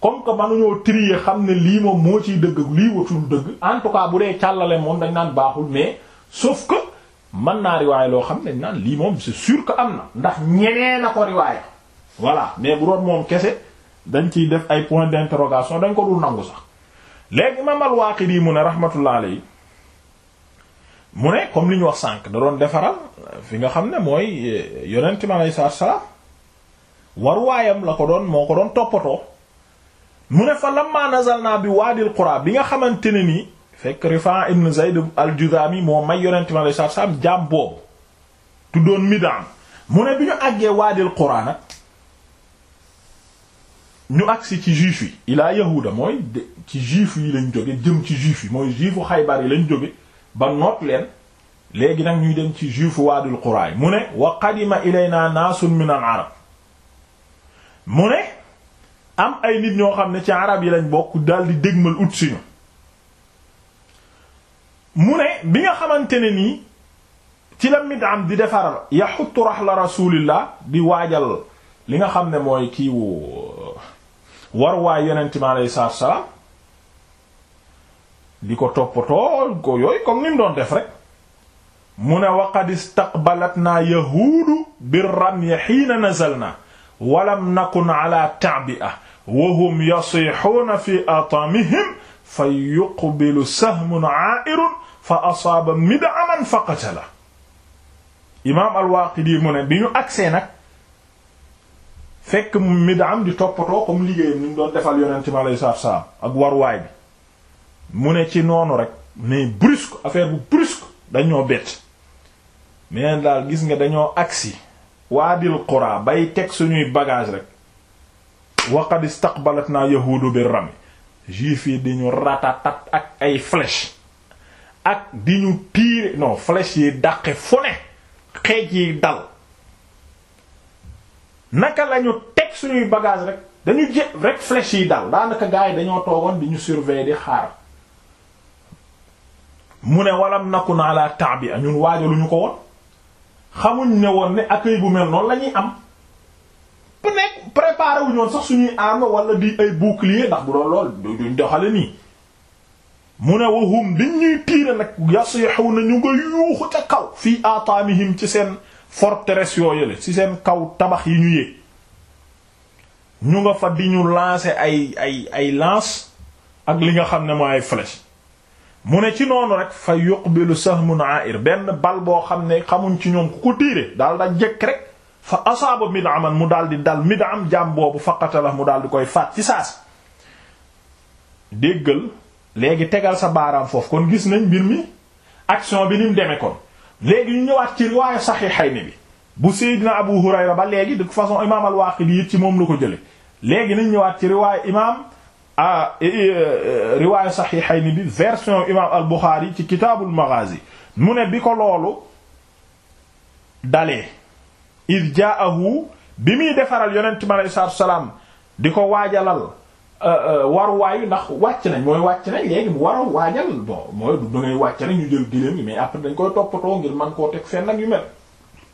comme que mënuñoo xam ne lii moom moo ciy dëgg lii watul dëgg en tout bu dee càllale moom dañ naan baaxul mais sauf que mën naa riwaay loo xam ne dañ naan lii moom c'est sûr que am na ndax ñeneen a ko riwaaya voilà mais bu doon moom kese dañ ciy def ay point d'interrogation dañ ko dul nangu sax léegi imaam al-Waaqidi mu ne rahmatullah alayhi mu ne comme li ñu wax sànq da doon defaral fi nga xam ne mooy eh, yonent mi alayhi salaatu salaam waayam la ko doon moo ko doon toppatoo mu ne fa lamma bi waadil Qura bi nga xamante ne nii fekk Rifaa ibn Zayd al-Juzaami moo may yonent mi alayhi salaatu salaam jaam boobu tuddoon Midaam mu ne bi ñu àggee waadil Qura nag ñu agsi ci juif yi ilaa yahuda mooy ci juif yi lañ jóge jëm ci juif yi mooy juifu xaybar yi lañ jóge ba noot leen léegi nag ñuy dem ci juifu waadul quraay mu ne wa qadima ilayna naasun min al arab mu ne am ay nit ñoo xam ne ci arab yi lañ bokk daal di dégmal ut siñu mu ne bi nga xamante ne nii ci la Mid'am di defar yaxutu raxla rasulillah di waajal li nga xam ne mooy kiiwu war waay yonent mi alayhi salaatu salaam di ko toppatoo ko yooyu comme ni mu doon def rek mu ne waqad istaqbalat naa yahuudu birramyi xiina nazalna walam nakun ala taabia wahum yasixuuna fi atamihim fa yuqbilu sahmun aairun fa asaaba mid'aman fa qatala imaam al-Waaqidi mu ne bi ñu agsee nag fekk Mid'am di toppatoo comme liggéeyam ni mu doon defal yonent mi alayhi salaatu salaam ak waruwaay bi mu ne ci noonu rek mais brusque affaire bu brusque dañoo bett mais daal gis nga dañoo agsi waadil qura bay teg suñuy bagage rek waqad istaqbalat naa yahuudu bi rami juif yi di ratatat ak ay flèche ak di ñu tiire non flèche yi dàqe fu ne xeej yi dal naka lañu teg suñuy bagage rek dañu je rek flèche yi dal daanaka gars yi dañoo toogoon di ñu surveiller di xaar mu ne walam nakun ala ta'bi'a ñun waajaluñu ko woon xamuñ ne woon ne accueil bu mel noonu lañuy am bu nekk préparé sax suñuy arme wala di ay bouclier ndax bu doon lool duñ doxale nii mu ne wahum diñ ñuy tiire nag yasixu na ñu nga yuuxu ca kaw fii aataamihim ci seen forteresse yoo yële ci seen kaw tabax yi ñu yéeg ñu nga fa di ñu lancer ay ay ay lance ak li nga xam ne mooy ay flèche mu ne ci noonu rek fa yuqbilu sahmun air benn bal boo xam ne xamuñ ci ñoom ku ko tiire daal jëkk rek fa asaaba mid'aman mu daal di dal mid'am jaam boobu faqatala mu daal di koy faat ci saas déggal léegi tegal sa baaraam foofu kon gis nañ mbir mi action bi ni deme demee kon léegi ñu ñëwaat ci riwaaya saxiixayni bi bu Seydina Abu Hurayra ba léegi de toute façon imaam al-Waaqidi it ci moom la ko jële léegi nañ ñëwaat ci riwaaya imaam ah eh, eh, eh, riwaaya saxiixayni bi version imaam al-Buxaari ci kitaabul Maghaazi mu ne bi ko loolu dalee iz jaahu bi muy defaral yonent mi alayhi salaam di ko waajalal Euh, euh, waruwaay ndax wàcc nañ mooy wàcc nañ léegi mu war a waajal bon mooy du ngay wàcc nañ ñu jël gëléem yi mais après dañ koy toppatoo ngir man koo teg fenn nag yu mel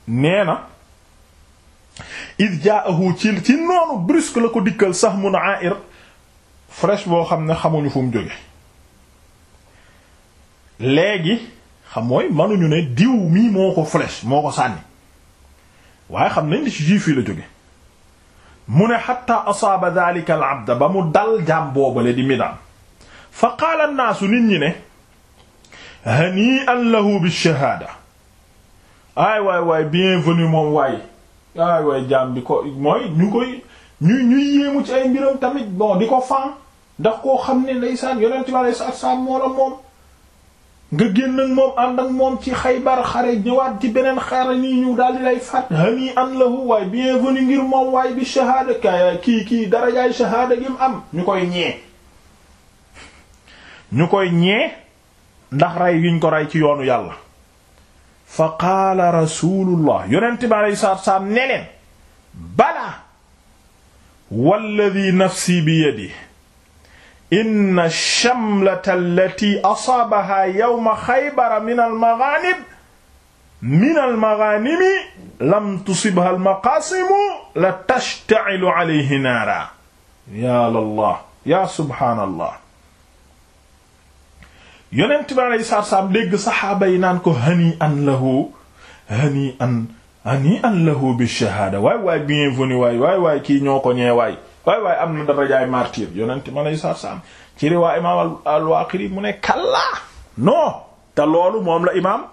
nee na id jaahu ci ci noonu brusque la ko dikkal sax mun a air fraîche boo xam ne xamuñu fu mu jóge léegi xam mooy mënuñu ne diw mii moo ko flèche moo ko sànni waaye xam nañ ni ci juif yi la jóge mu ne xatta asaaba daalika al abda ba mu dal jaam boobale di midam fa qaala annaasu nit ñi ne hani'an lahu bish-shahaada aay waay waay bienvenue moom waay aay waay jaam bi ko mooy ñu koy ñu ñuy yéemu ci ay mbiram tamit bon di ko fan ndax koo xam ne ndeysaan yonent bi alayhi salaatu wa salaam moo la moom nga génn ak moom ànd ak moom ci Xaybar xare ci beneen xare nii ñu daal di lay fàtt hani an lahu waaye bienvenu ngir moom waaye bi shahaada ka kii kii darajaay shahaada gi am ñu koy ñee ñu koy ñee ndax rey yiñ ko rey ci yoonu yàlla fa qaala rasulullah yonent bi alei salatu salaam ne leen bala nafsi bi yadihi inna shamlata allati asaabaha yawma xaybara min almaghanib min almaghanimi lam tusibha almaqaasimu la tashta'ilu alayhi naara ya Allah ya subhaanallah yonent bi alayhi salaatu salaam dégg saxaaba yi naan ko hani an lahu hani an hani an lahu bi shahaada waay waay bienvenue waay waay waay kii ñoo ko ñee waay waay waaye am na darajaay martyr yonent ma lay sarsam ci riwaa imaam al-Waaqidi mu ne kallaa non te loolu moom la imaam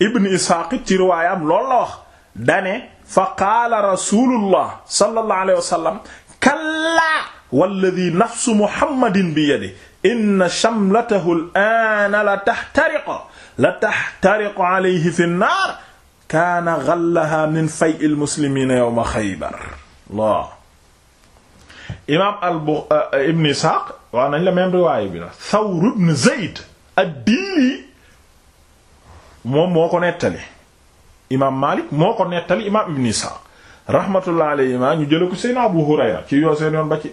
ibn Isxaaq ci riwaayam loolu la wax dane fa qaala rasulullah sallallahu alayhi wa sallam kallaa walladi nafsu muhammadin bi yadihi inna shamlatahu al-aana la tahtariqu la tahtariqu alayhi fi an-naar kaana ghallahaa min fay'il muslimiina yawma Xaybar Allah imaam albu euh, euh, ibn Isaaq waaw nañ la même riwaaya bi la Thawr ibn Zayd ad moom moo ko nettali imaam Maalik moo ko nettali imaam ibn Isaaq rahmatullah alayhima ñu jële ko seen Abu Hurayra ci yoo seen yoon ba ci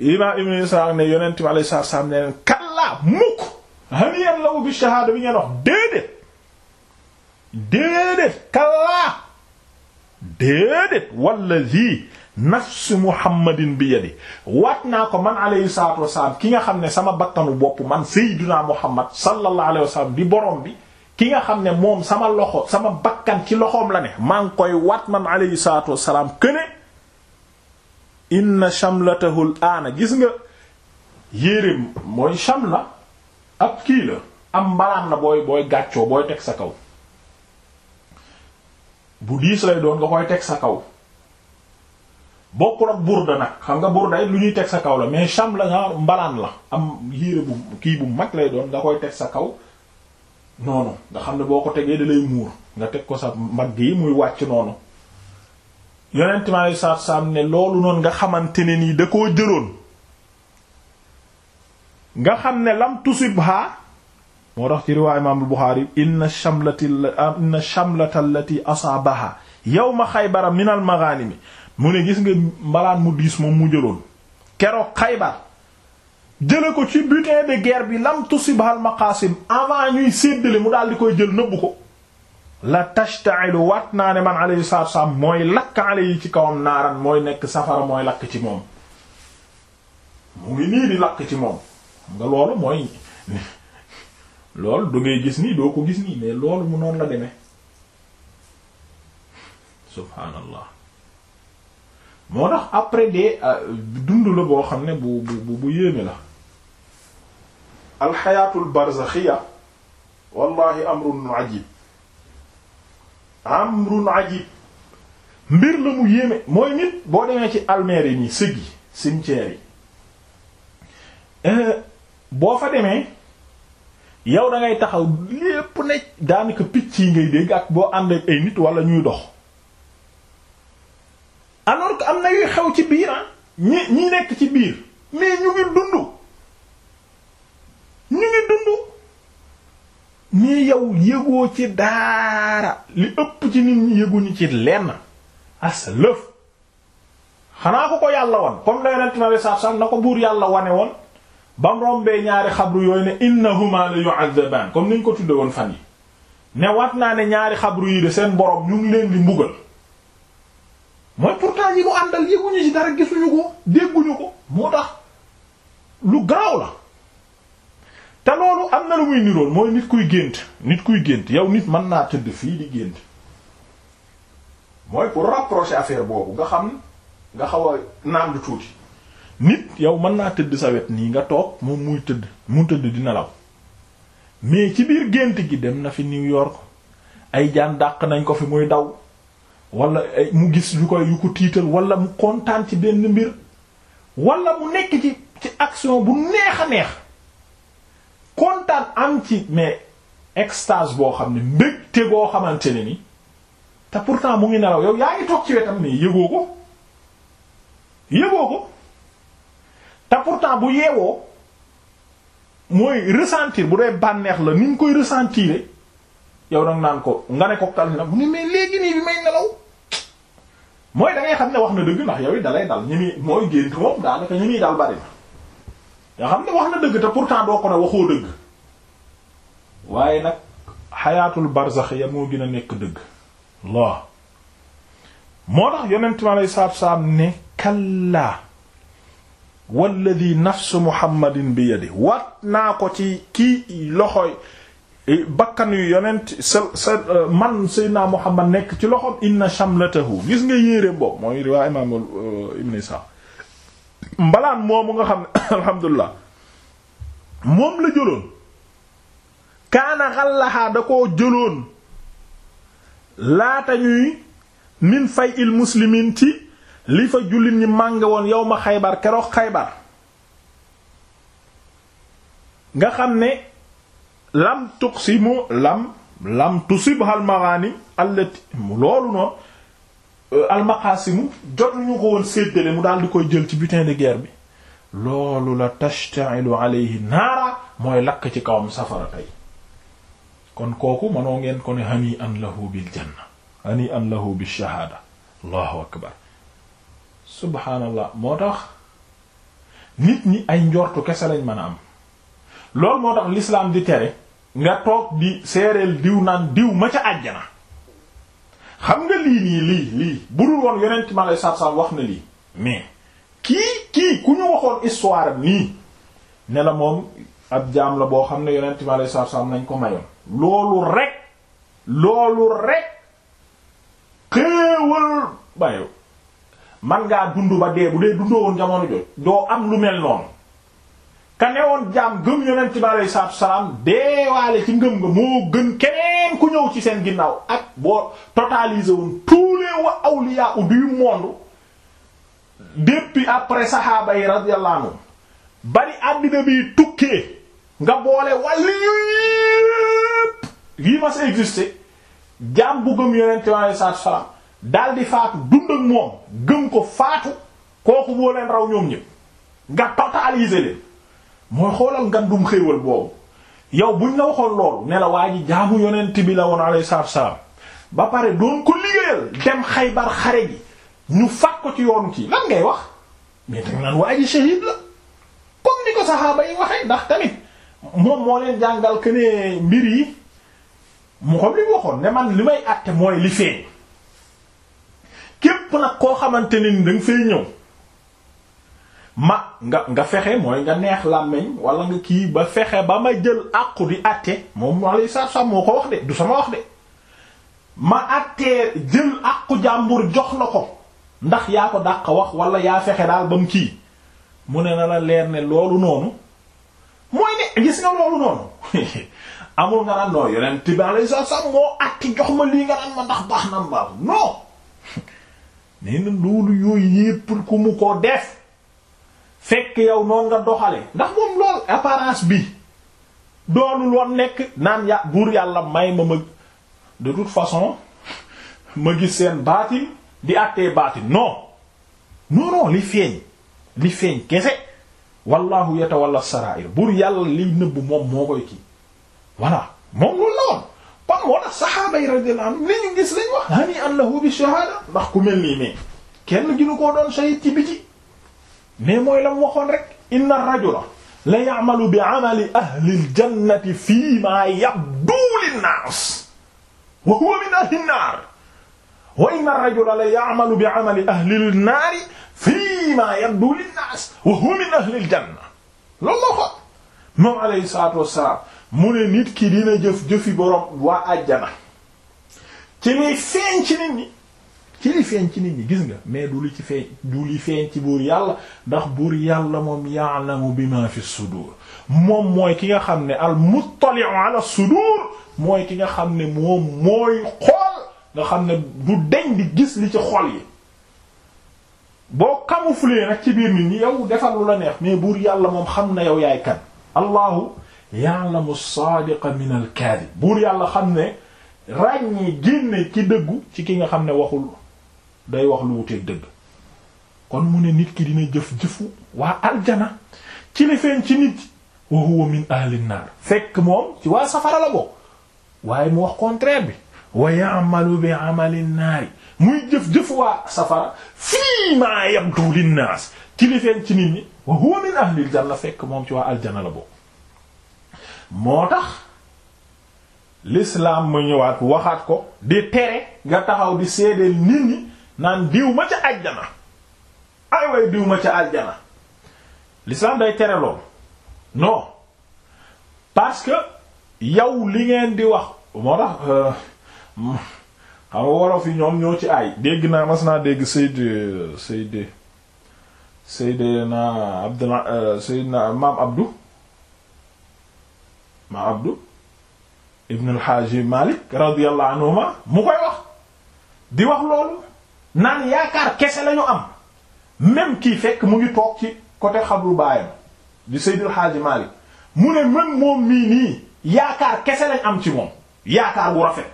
imaam ibn Isaaq ne yonent bi alayhi salaam ne leen kallaa mukk haniyan lahu bi shahaada bi ngeen déedéet déedéet kallaa déedéet wallazii nafsi muhammadin bi yadi waat naa ko man alayhi salaatu wasalaam ki nga xam ne sama bakkanu bopp man sayyiduna muhammad sallallahu alayhi wasallam di borom bi ki nga xam ne moom sama loxo sama bakkan ci loxoom la ne maa ngi koy waat man alayhi salaatu wasalaam këne inna shamlatahu al aana gis nga yére mooy shamla ab kii la am mbalaan la booy booy gàccoo booy teg sa kaw bu diis lay doon nga koy teg sa kaw bokkul ak burda nag xam nga burda lu ñuy teg sa kaw la mais cham la mbalaan la am yére bu kii bu mag lay doon nga koy teg sa kaw noonu nga xam ne boo ko tegee da lay muur nga teg ko sa mag yi muy wàcc noonu yonent mi alei saatu salaam ne loolu noonu nga xamante ne nii da koo jëloon nga xam ne lam tusibha moo tax ci riwaay imaam al-Buxaari inna shamlati inna shamlata allati asaabaha yawma Xaybara min al-maghanimi mu ne gis nga mbalaan mu diis moom mu jëloon keroog Xaybar jële ko ci butin de guerre bi lam tusibhal maqasim avant ñuy séddale mu daal di koy jël nëbbu ko la tashtailu waat naa ne man alayhi salaatu wasalaam mooy lakk ale yi ci kawam naaran mooy nekk safara mooy lakk ci moom mu ngi nii di lakk ci moom nga loolu mooy loolu du ngay gis nii doo ko gis nii mais loolu mu noonu la demee subhaanallah moo tax après dee euh, dund la boo xam ne bu bu bu yéeme la alxayaatul barzaxiya wallahi amrun ajib amrun ajib mbir la mu yéeme mooy nit boo demee ci almeer yi nii sëg yi yi euh, boo fa demee yow da taxaw lépp ne daanaka picc yi ngay dégg ak boo ànd ak ay nit wala ñuy dox alors que am na yuy xew ci biir ah ñi ñi nekk ci biir mais ñu ngi dund ñu ngi dund mais yow yëgoo ci daara li ëpp ci nit ñi yëguñu ci lenn as ah, lëf xanaa ko ko yàlla wan comme na yonent na saaf saaf na ko buur yàlla wane woon ba mu rombee ñaari xabru yooyu ne innahuma la yu'adzaban comme niñ ko tudde woon fan yi ne wat naa ne ñaari xabru yi de seen borom ñu ngi leen di mbugal mooy pourtant yi mu àndal yëguñu ci dara gisuñu ko dégguñu ko moo tax lu garaaw la te loolu am na lu muy niroon mooy nit kuy gént nit kuy gént yow nit mën naa tëdd fii di gént mooy pour rapprocher affaire boobu nga xam nga xaw a naan lu tuuti nit yow mën naa tëdd sawet nii nga toog moom muy tëdd mu tëdd di nelaw mais ci biir gént gi dem na fi New York ay jaan dàq nañ ko fi muy daw wala eh, mu gis lu ko yu ko tiital wala mu kontaan ci benn mbir wala mu nekk ci ci action bu neex neex kontaan am ci mais extase boo xam ne mbégte goo xamante ne ni te pourtant mu ngi nelaw yow yaa ngi toog ci wetam nii yëgoo ko yëgoo ko te pourtant bu yeewoo mooy ressentir bu dee bànneex la ni mu koy ressentir yow nag naan ko nga ne ko kal na mu ne mais léegi nii bi may nelaw mooy da xam ne wax na dëgg ndax yow it dalay dal ñu ni mooy gént moom daanaka ñu nii dal bari na yoo xam ne wax na dëgg te pourtant doo ko ne waxoo dëgg waaye nag xayaatul barzax ya moo gën a nekk dëgg Allah moo tax yonent mi alei saatu salaam ne kallaa walladi nafsu muhammadin bi yadi wat naa ko ci kii loxoy bakkan yu yonent sa sa euh, man Seydina Muhammad nekk ci loxoom inna shamlatahu gis nga yére boobu mooy riwaa imaam euh, Ibn Isa mbalaan moomu nga xam ne alhamdulilah moom la jëloon kaana xallaxaa da koo jëloon laata ñuy min fay il muslimin ci li fa jullit ñi mànge woon yow ma xaybar keroog xaybar nga xam ne lam tuqsimu lam lam tusibha al maghanim allati loolu euh, ko woon séddale mu daal di koy jël ci butin de guerre bi loolu la tashta'ilu alayhi mooy lakk ci kawam safara tey kon kooku mënoo ngeen ko ne an lahu bil janna hani an lahu bil shahaada allahu akbar subhaanallah moo tax nit ñi ay njortu kese lañ mën a am loolu moo tax l'islam di tere nga toog di seereel diw naan diw ma ca àjjana xam nga lii nii lii lii budul woon yonent ma lay wax na lii mais kii kii ku ñu waxoon histoire nii ne la moom ab jaam la boo xam ne yonent ma lay nañ ko mayoon. loolu rek loolu rek xéewal man ngaa dund ba dee bu dee dundoo woon jamono jooju doo am lu mel noonu. ka newoon jaam gëm yonent bi salaatu salaam deewaale ci ngëm nga moo gën keneen ku ñëw ci seen ginnaaw ak boo totalisé woon tous les wa awliya du monde depuis après saxaaba yi radiyallahu bari àddina bi tukkee nga boole wàllu yëpp lii ma sa existé jaam bu gëm yonent bi aleyhi salaatu salaam daal faatu dund ak moom gëm ko faatu kooku boo leen raw ñoom ñëpp nga totalisé leen. mooy xoolal ngandum xéewal boobu yow buñ la waxoon loolu ne la waa ji jaamu yonent bi la woon alayhi salaatu salaam ba pare doon ko liggéeyal dem xaybar xare gi ñu fàq ko ci yoonu ci lan ngay wax mais dañ naan waa ji shahid la comme ni ko saxaaba yi waxee ndax tamit moom moo leen jàngal que mbir yi mu ko li waxoon ne man li may àtte mooy li feeñ képp nag koo xamante ne ni danga fay ñëw. ma nga nga fexe mooy nga neex làmmiñ wala nga kii ba fexe ba ma jël àqu di àtte moom wala sa sa moo ko wax de du sama wax de ma àttee jël àqu jàmbur jox na ko ndax yaa ko dàq wax wala yaa fexe daal ba mu kii mu ne na la leer ne loolu noonu mooy ne gis nga loolu noonu amul nga naan noo yeneen tibaale sa sa moo jox ma lii nga naan ma na mbaaxu non nee yooyu yépp ku mu ko def fekk yow noon nga doxale ndax moom lool apparence bi doonul woon nekk naan ya buur yàlla may ma ma de toute façon ma gis seen baatin di àttee baatin non non non li feeñ li feeñ kese wallahu yatawalla sarair buur yàlla liy nëbb moom moo koy kii voilà moom loolu la woon kon saxaaba yi radiyallahu anhum li ñu gis lañ wax hani an lahu bi shahada ndax ku mel nii mais kenn ginu koo doon shahid ci biti mais mooy la mu waxoon rek inna rajula la ya'malu bi 'amali ahli al-jannati fii ma yabdu lin-nas wa huwa min ahli an-nar wa inna rajula la ya'malu bi 'amali ahli an-nar fii ma yabdu lin-nas wa huwa min ahli al-janna loolu la ko moom alayhi salaatu wassalaam mu ne nit ki dina jëf jëfi borom waa àjjana ci liy feeñ ci nit ñi ci li feeñ ci nit ñi gis nga mais du li ci feeñ du li feeñ ci buur yàlla ndax buur yàlla moom ya bima fi sudur moom mooy ki nga xam ne al muttali'u ala ki nga xam ne moom mooy xool nga xam ne du deñ di gis li ci xool yi boo camoufler nag ci biir nit ñi yow defal lu la neex mais buur yàlla moom xam na yow yaay kan allahu ya'lamu as-sadiqa min al buur yàlla xam ne ràññee génne ci dëggu ci ki nga xam ne waxul day wax lu wuteeg dëgg kon mu ne nit ki dina jëf jëfu waa aljana ci li ci nit wa huwa min ahlin naar fekk moom ci waa safara la bokk waaye mu wax contraire bi wa ya'malu bi amalin naari muy jëf-jëf waa safara fii maa yabdu linnaas ci ci nit ñi wa huwa min ahlil janna fekk moom ci waa aljana la bokk moo tax l'islam mu ñëwaat waxaat ko di tere nga taxaw di seedeel nit ñi naan diw ma ca àjjana ay way diw ma ca àjjana l'islam day tere lool non parce que yow li ngeen di wax moo tax euh, xam nga wolof yi ñoom ñoo ci ay dégg naa mas naa dégg Seyd euh, Seyd Seydina Abdullah euh, Seydina maam Abdou maam Abdou ibn Haaji Malik radiyallahu anhuma mu koy wax di wax loolu naan yaakaar kese lañu am même kii fekk mu ngi toog ci côté xabru baayam di Seydil Hadji Malick mu ne mën moom mii nii yaakaar kese lañ am ci moom yaakaar gu rafet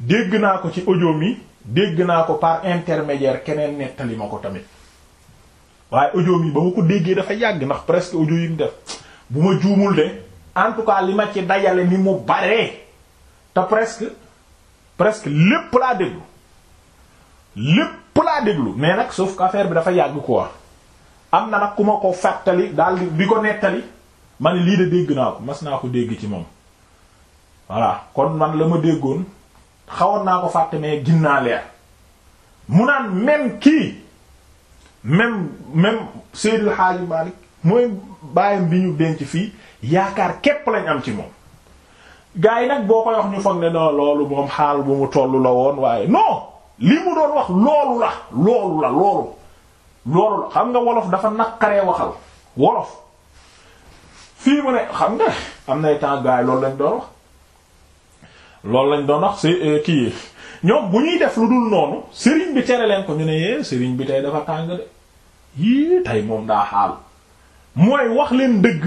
dégg naa ko ci audio mi dégg naa ko par intermédiaire keneen nettali ma ko tamit waaye audio mi ba ko ko déggee dafa yàgg ndax presque audio yi mu def bu ma juumul de en tout cas li ma ci dajale ni mu baree te presque presque lépp laa déglu lépp laa déglu mais nag sauf que affaire bi dafa yàgg quoi am na nag ku ma ko fàttali daal di ko nettali ma ne lii de dégg naa ko mas naa ko dégg ci moom voilà kon man la ma déggoon xawoon naa ko fàtte mais ginnaa leer mu naan même kii même même Seydil Hadji Malick mooy bàyyam bi ñu denc fii yaakaar képp lañ am ci moom gars yi nag boo ko wax ñu foog ne non loolu moom xaal bu mu tollu la woon waaye non li mu doon wax loolu la loolu la loolu loolu la xam nga wolof dafa naqaree waxal wolof fii mu ne xam nga am nay temps gars yi loolu lañ doon wax loolu lañ doon wax si euh, kii ñoom bu ñuy def lu dul noonu sëriñ bi tere leen ko ñu ne yee eh, sëriñ bi tey dafa tàng de yii tey moom daa xaal mooy wax leen dëgg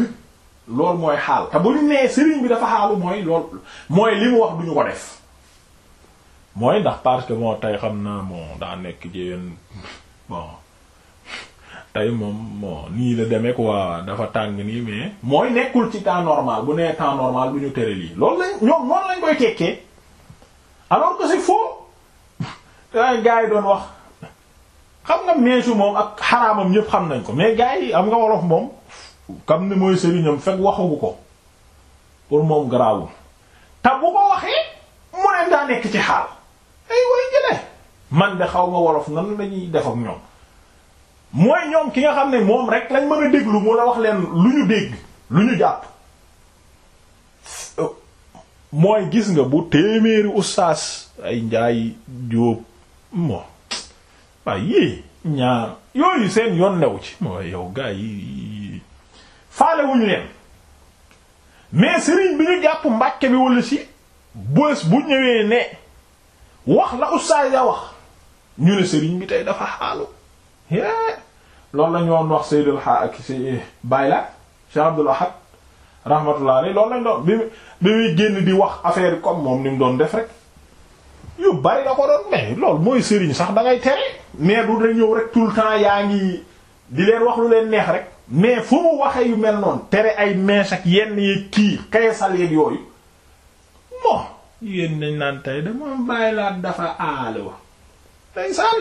loolu mooy xaal te bu ñu nee sëriñ bi dafa xaalu mooy lool mooy li mu wax duñu ko def mooy ndax parce que bon tey xam naa bon daa nekk jéyeen moom bon nii la demee quoi dafa tàng nii mais mooy nekkul ci temps normal bu nee temps normal bu ñu tere lii loolu lañ ñoom noonu lañ koy tekkee alors que c'est faux ay yi doon wax xam nga meesu moom ak xaraamam ñëpp xam nañ ko mais gars yi am nga wolof moom kam ne mooy sëriñam fekk waxagu ko pour moom garaawul te bu ko waxee mu ne daa nekk ci xaal ay way jëlee man de xaw ma wolof nan lañuy def ak ñoom mooy ñoom ki nga xam ne moom rek lañ mën a déglu mu la wax leen lu ñu dégg lu ñu jàpp mooy gis nga bu téeméeri ustaas ay njaay jóob mo waaye yii ñaar yooyu seen yoon new ci mooy yow gaa yi faale wuñu leen mais sëriñ bi ñu jàpp mbàkke bi wala si bës bu ñëwee ne wax la ustaas ya wax ñu ne sëriñ bi tey dafa xaalu loolu lañu doon wax Seydou El ak si Baye la Cheikh Abdoul Ahad rahmatullah alayhi loolu lañ doon bi bi muy génn di wax affaire comme moom ni mu doon def rek yu bari la ko doon mais loolu mooy sëriñ sax dangay ngay tere mais du da ñëw rek tout le temps yaa ngi di leen wax lu leen neex rek mais fu mu waxee yu mel noonu tere ay mèche ak yenn yi kii xeesal yeeg yooyu bon. jigéen nañ naan tey de moom bàyyi laat dafa aale wa tey saan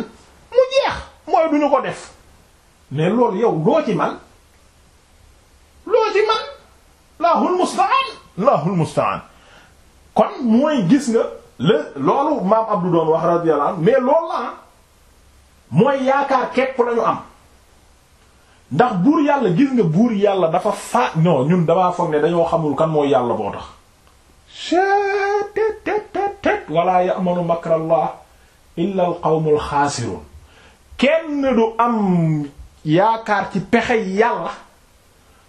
mu jeex mooy duñu ko def mais loolu yow loo ci man loo ci man laahul mustaan laahul mustaan kon mooy gis nga le loolu maam Abdou doon wax radiyallahu anhu mais loolu ah. mooy yaakaar képp lañu am ndax buur yàlla gis nga buur yàlla dafa fa non ñun damaa foog ne dañoo xamul kan mooy yàlla boo tax tet tet tet wala ya'manu makrallah illa al qawmul xaasirun kenn du am yaakaar ci pexe yàlla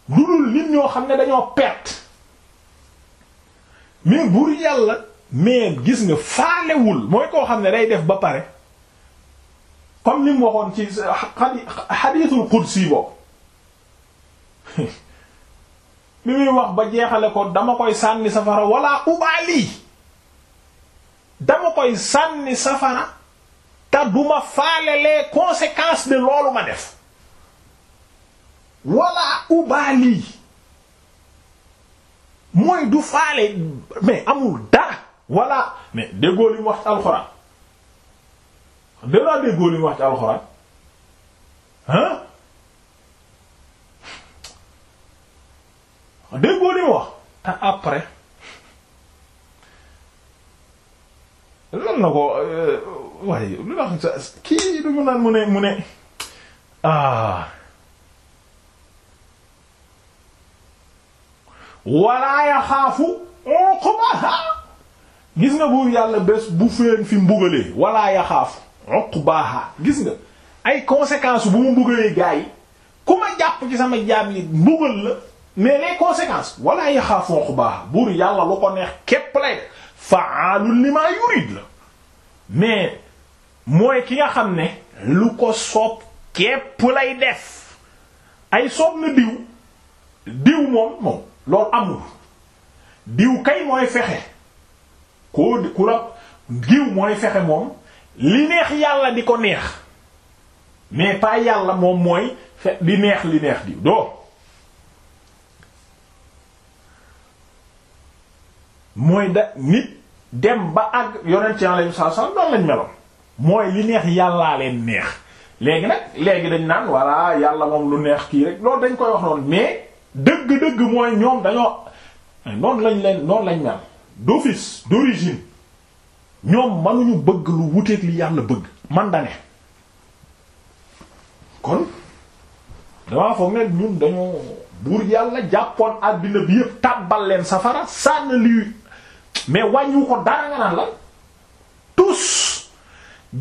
lu dul nit ñoo xam ne dañoo perte mais buur yàlla mais gis nga faalewul mooy koo xam ne day def ba pare comme ni waxoon ci xadiisul qudsi boobu li muy wax ba jeexale ko dama koy sànni safara wala ubaali dama koy sànni safara te duma faale les conséquences de loolu ma def wala ubaali mooy du faale mais amul dara wala mais déggoo li mu wax ci alxuraan déggoo li mu wax ci alxuraan hein Ah, déggoo li mu wax après lan na ko euh, waaye lu tax kii du mu naan mu ne mu ne ah wala yaxaafu uqbaha gis nga buur yàlla bés bu feen fi mbugalee wala yaxaafu uqbaha gis nga ay conséquences bu mu mbugalee gaa yi ku ma jàpp ci sama jaam yi mbugal la mais les conséquences wala yaxaafoon ku baax buur yàlla lu ko neex képp lay fa'aalul limaa yurid la mais mooy ki nga xam ne lu ko soob képp lay def ay soob na diw diw moom moom loolu amul diw kay mooy fexe koo ku la diw mooy fexe moom li neex yàlla di ko neex mais pas yàlla moom mooy fe di neex li neex diw doo mooy da nit dem ba àgg yonent yàlla yu saa saa doon lañ meloon mooy li neex yàllaa leen neex léegi nag léegi nañ naan voilà yàlla moom lu neex kii rek loolu dañ koy wax noonu mais dëgg-dëgg mooy ñoom dañoo noonu lañ leen noonu lañ mel d'office d'origine ñoom mënuñu bëgg lu wuteeg li yàlla bëgg man dane kon damaa foog ne ñun dañoo buur yàlla jàppoon àddina bi yëpp tàbbal leen safara sànn lii mais wàññiwu ko dara nga naan la tous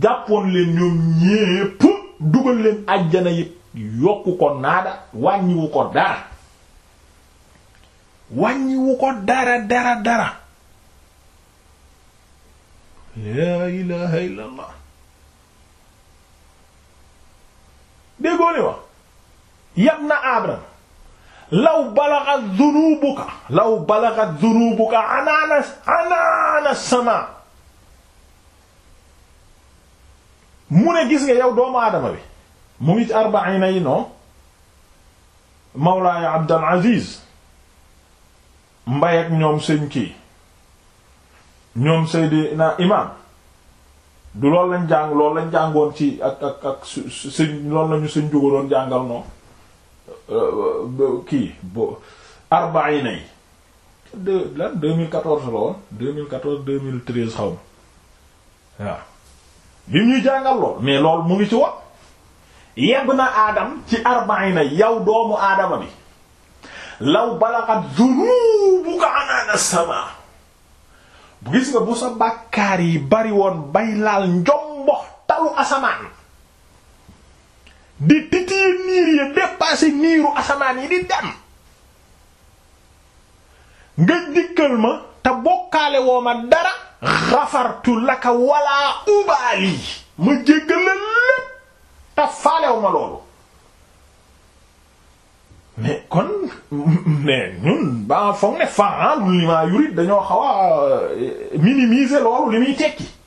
jàppoon leen ñoom ñépp dugal leen àjjana yi yokku ko naada wàññiwu ko dara wàññiwu ko dara dara dara laa ilaha illa déggoo li wax yam na Abraham law balagat dunubuka law balagat dunubuka anaana anaana sama mu ne gis nga yow doomu aadama bi mu ngi ci arbaina yi noon mawlaaya Abdul Aziz mbay ñoom sëñ kii ñoom Seydina imam du loolu lañ jàng loolu lañ jàngoon ci ak ak ak sëñ loolu lañu sëñ jógaloon jàngal noonu Euh, euh, kii bo arbaina yi de lan 2014 la woon 2014 2013 xaw ma waaw bi ñuy jàngal lool mais lool mu ngi ci woon yegg na aadam ci arbaina yow doomu aadama bi law balaxat zunubuka anaana sama gis nga bu sa bàkkaar yi bari woon bay laal njombox talu asamaan di titiye niir yi dépassé niiru asamaan yi di dem nga dikkal ma te bokkaale woo ma dara xafartu laka wala ubaali ma jéggal la lépp te faalew loolu mais kon mais ñun ba foog ne fa'aalun limaa yurid dañoo xaw a euh, loolu li muy tekki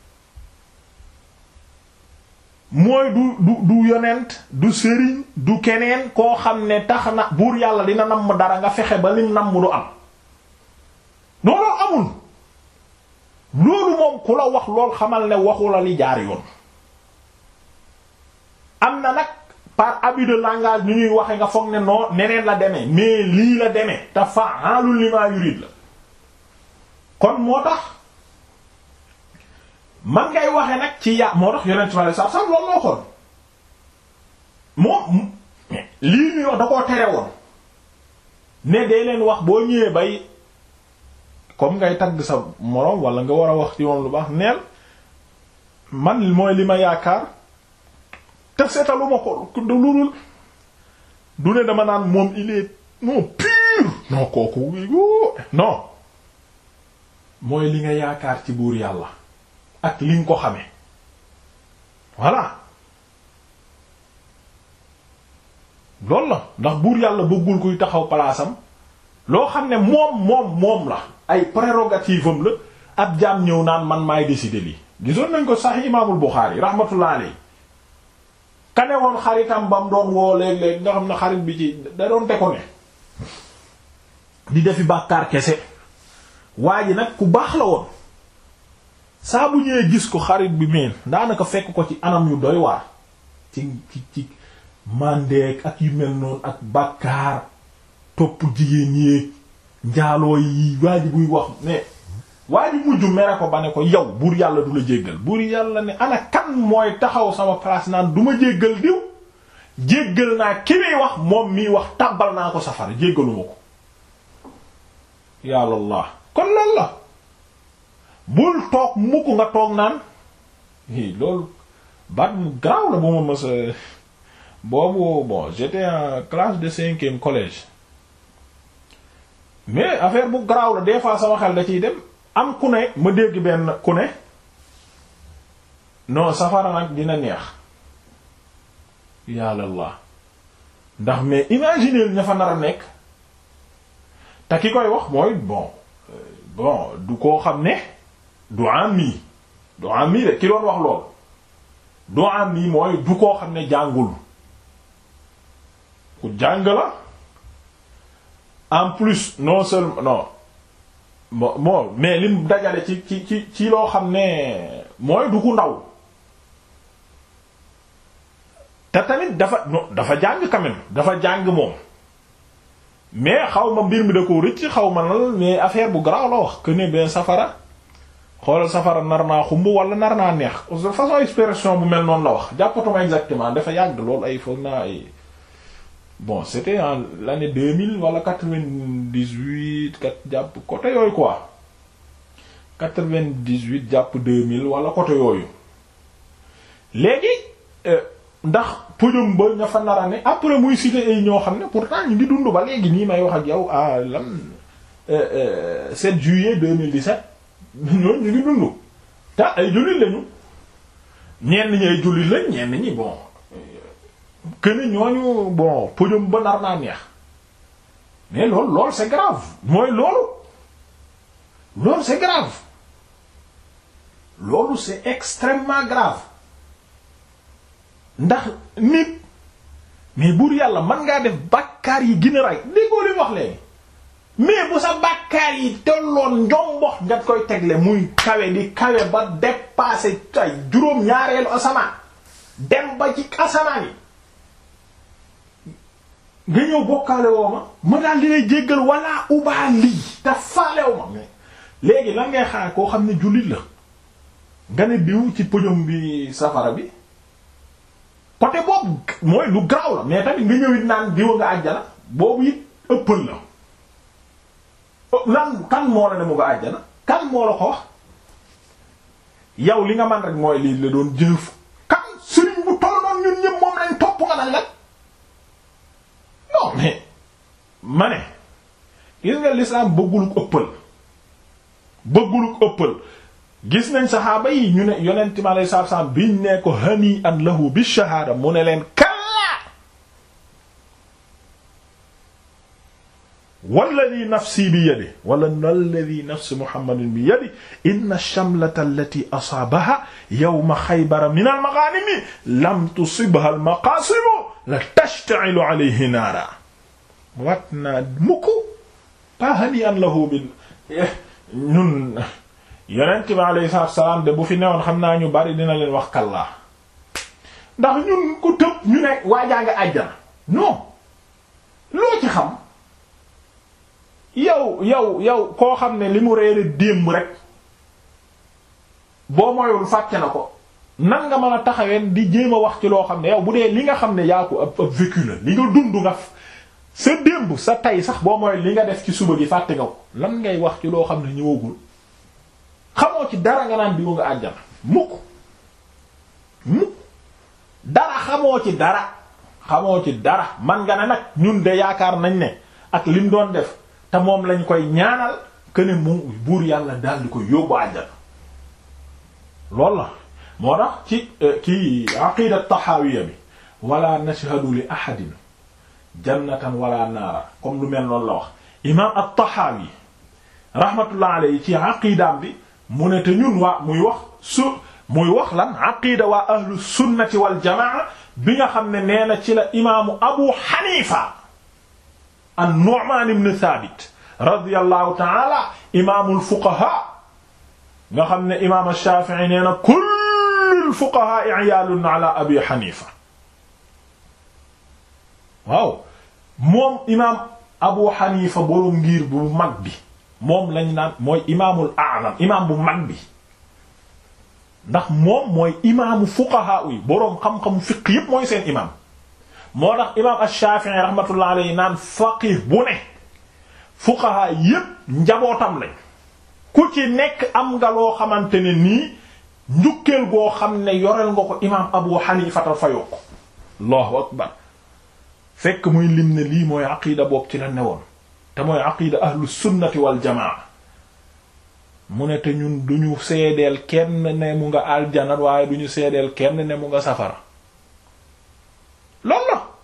mooy du du du yonent du sëriñ du keneen koo xam ne tax na buur yàlla dina namm dara nga fexe ba lim namm du am noonu amul loolu moom ku la wax lool xamal ne waxu la li jaar yoon am na nag par abus de langage ñuy waxe nga foog ne noo neneen la demee mais lii la demee te fa'alul lima yurid la kon moo tax man ngay waxe nag ci ya moo tax yonent ma la sax sax loolu moo xool moom lii ñu wax da koo tere woon ne day leen wax boo ñëwee bay comme ngay tagg sa moroom wala nga war a wax ci moom lu baax neel man mooy li ma yaakaar te seetalu ko lu du ne dama naan moom il est non pur non kooku mooy li nga yaakaar ci buur yàlla ak li nga ko xame voilà loolu na ndax buur yàlla bëggul kuy taxaw palaasam loo xam ne moom moom moom la ay prérogative am la ab jaam ñëw naan man maay décider lii gisoon nañ ko sax yi imaamul Buxaari yi alayhi kane woon xaritam ba mu doon woo léeg-léeg nga xam ne xarit bi ci da doon te ko ne di defi bàkkaar kese waa ji nag ku baax la woon saa bu gis ko xarit bi meen daanaka fekk ko ci anam yu doy waar ci ci ci mandeek ak yu mel noonu ak bàkkaar topp jigéen yéeg njaaloo yi waa buy wax mais waa ji mere ko ba ne ko yow buur yàlla du la jéggal buur yàlla ne ana mooy taxaw sama palaas naan duma ma jéggal diw jéggal naa ki wax moom miy wax tàbbal naa ko safara jéggaluma ko yàlla kon loolu la bul toog mukk nga toog naan loolu baat mu garaaw la bu ma mës boobu bon j'étais en classe de cinquième collège mais affaire bu garaaw la des fois sama xel da ciy dem am ku ne ma dégg benn ku ne non safara nag dina neex yàlla ndax mais imaginer ña fa nar a nekk te ki koy wax mooy bon euh, bon du koo xam ne du am mii du am mii de ki doon wax lool du am mii mooy du koo xam ne jàngul ku jàng la en plus non seulement non mo moo mais lim dajale ci ci ci ci loo xam ne mooy du ku ndaw te tamit dafa dafa jàng quand dafa jàng moom mais xaw ma mbir mi da ko rëcc xaw ma nal mais affaire bu garaaw la wax que benn safara xoolal safara nar naa xumb wala nar naa neex façon expression bu mel noonu la wax jàppatuma exactement dafa yàgg lool ay foog naa ay bon c'était en l'année deux mille wala quatre-vingt-dix-huit quatre jàpp côté yooyu quoi quatre-vingt-dix-huit jàpp deux mille wala côté yooyu léegi euh, ndax pëjum ba ña fa nara ne après muy cité ay ñoo xam ne pourtant ñu ngi dund ba léegi nii may wax ak yow à ah, lan 7 euh, euh, juillet 2017 ñoom ñu ngi dund te ay jullit lañu ñenn ñi ay jullit lañ ñenn ñi bon këni ñooñu bon pëjum ba nar naa neex mais loolu loolu c'est grave mooy loolu loolu c'est grave loolu c'est ndax nit mais buur yàlla man ngaa def bàkkaar yi gën a rey déggoo li wax leen mais bu sa bàkkaar yi tolloon njombox nga koy tegle muy kawe di kawe ba dépasser juróom ñaareelu asamaan dem ba ci asamaan yi nga ñëw bokkaale woo ma ma daal di lay jéggal wala ubaa lii te faalew ma mais léegi lan ngay xaar koo xam ne jullit la nga ne diw ci pëjom bi safara bi côté boobu mooy lu garaaw la mais tamit nga ñëwit naan diwa nga àjjana boobu it ëppal la ko lan kan moo la ne mu nga àjjana kan moo la ko wax yow li nga man rek mooy lii la doon jëf kan sëriñ bu toll noonu ñun ñëpp moom lañ topp nga nag la non mais ma ne nga lislaam bëgguluk ëppal bëgguluk ëppal gis nañ saxaaba yi ñu ne yonent mi alayhi salaam biñ ne ko hani an lahu bi shahaada mu ne leen ka walladi nafsi bi yadi wala walladi nafsi muhammadin bi yadi inna shamlata allati asaabaha yawma xaybara min almaganimi lam tusibha almaqaasimu la tashtailu alayhi naara wat naa mukk pa hani an lahu bi ñun yonent bi alayhi salaatu salaam de bu fi newoon xam naa ñu bari dina leen wax kallaa ndax ñun ko tëb ñu ne waajaa nga àjjana non loo ci xam yow yow yow koo xam ne li mu reere démb rek boo moyul fàtte na ko nan nga mën a taxawee di jéem a wax ci loo xam ne yow bu dee li nga xam ne yaa ko ab ab vécu la li nga dund nga sa démb sa tay sax boo moyul li nga def ci suba gi fàtte nga ko lan ngay wax ci loo xam ne ñëwagul xamoo ci dara nga naan diwa nga àjjana mukk mukk dara xamoo ci dara xamoo ci dara man nga ne nag ñun de yaakaar nañ ne ak lim doon def te moom lañ koy ñaanal que mu buur yàlla daal di ko yóbbu àjjana loolu la moo tax ci euh, kii aqida taxaawiya bi wala nashhadu li ahadin jannatan wala naara comme lu mel noonu la wax imam at-taxaawi rahmatullah ci aqidaam bi mu ne te ñun waa muy wax su muy wax lan aqida waa ahlu sunnati wal jamaa bi nga xam ne nee na ci la imaamu abu xanifa an-Nu'man ibn Thabit radiyallahu ta'ala imaamul fuqaha nga xam ne imaam Shafi'i nee na kullul fuqaha iyaalun ala Abi Hanifa waaw moom imaam Abu Hanifa borom ngir bu mag bi moom lañ naan mooy imaamul a'zam imaam bu mag bi ndax moom mooy imaamu fuqaha yi boroom xam-xamu fiq yépp mooy seen imaam. moo tax imaam Ash-Shafi'i rahmatullahi alayhi naan faqih bu ne fuqaha yépp njabootam lañ ku ci nekk am nga loo xamante ne nii njukkeel goo xam ne yoreel nga ko imaam Abu Hanifa fayoo ko Allahu akbar fekk muy lim ne lii mooy aqida boobu ci la ne woon te mooy aqida ahlu sunnati wal mu ne te ñun duñu seedeel kenn ne mu nga aljana waaye du duñu seedeel kenn ne mu nga safara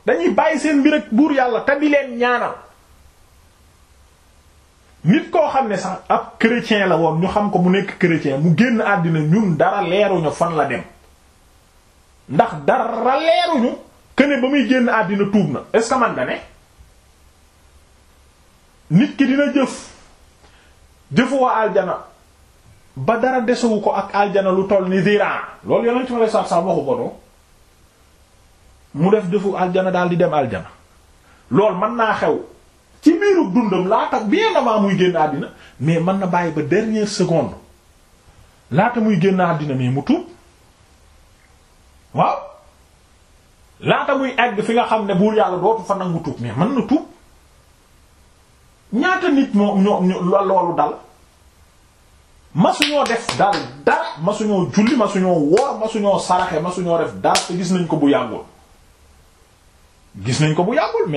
dañuy bàyyi seen mbir ak buur yàlla te di leen ñaanal nit koo xam ne sax ak chrétien la woon ñu xam ko mu nekk chrétien mu génn àddina ñun dara leeruñu fan la dem ndax dara leeruñu këne ba muy génn àddina tuub na est-ce man da ne nit ki dina jëf jëfu aljana ba dara desewu ko ak aljana lu toll ni diraa loolu yonent ma lay saab saab waxu ko mu def defu aljana daal di dem aljana lool mën naa xew ci biiru dundam laata bien avant muy génn àddina mais man na bàyyi ba dernière seconde laata muy génn àddina mais mu tuub waaw laata muy egg fi nga xam ne buur yàlla dootu fa nangu tuub mais man na tuub ñaata nit moo ñoo loolu dal masuñoo def daal dara masuñoo julli masuñoo woor masuñoo saraxe masuñoo def dara te gis nañ ko bu yàggul gis nañ ko bu yàggul mais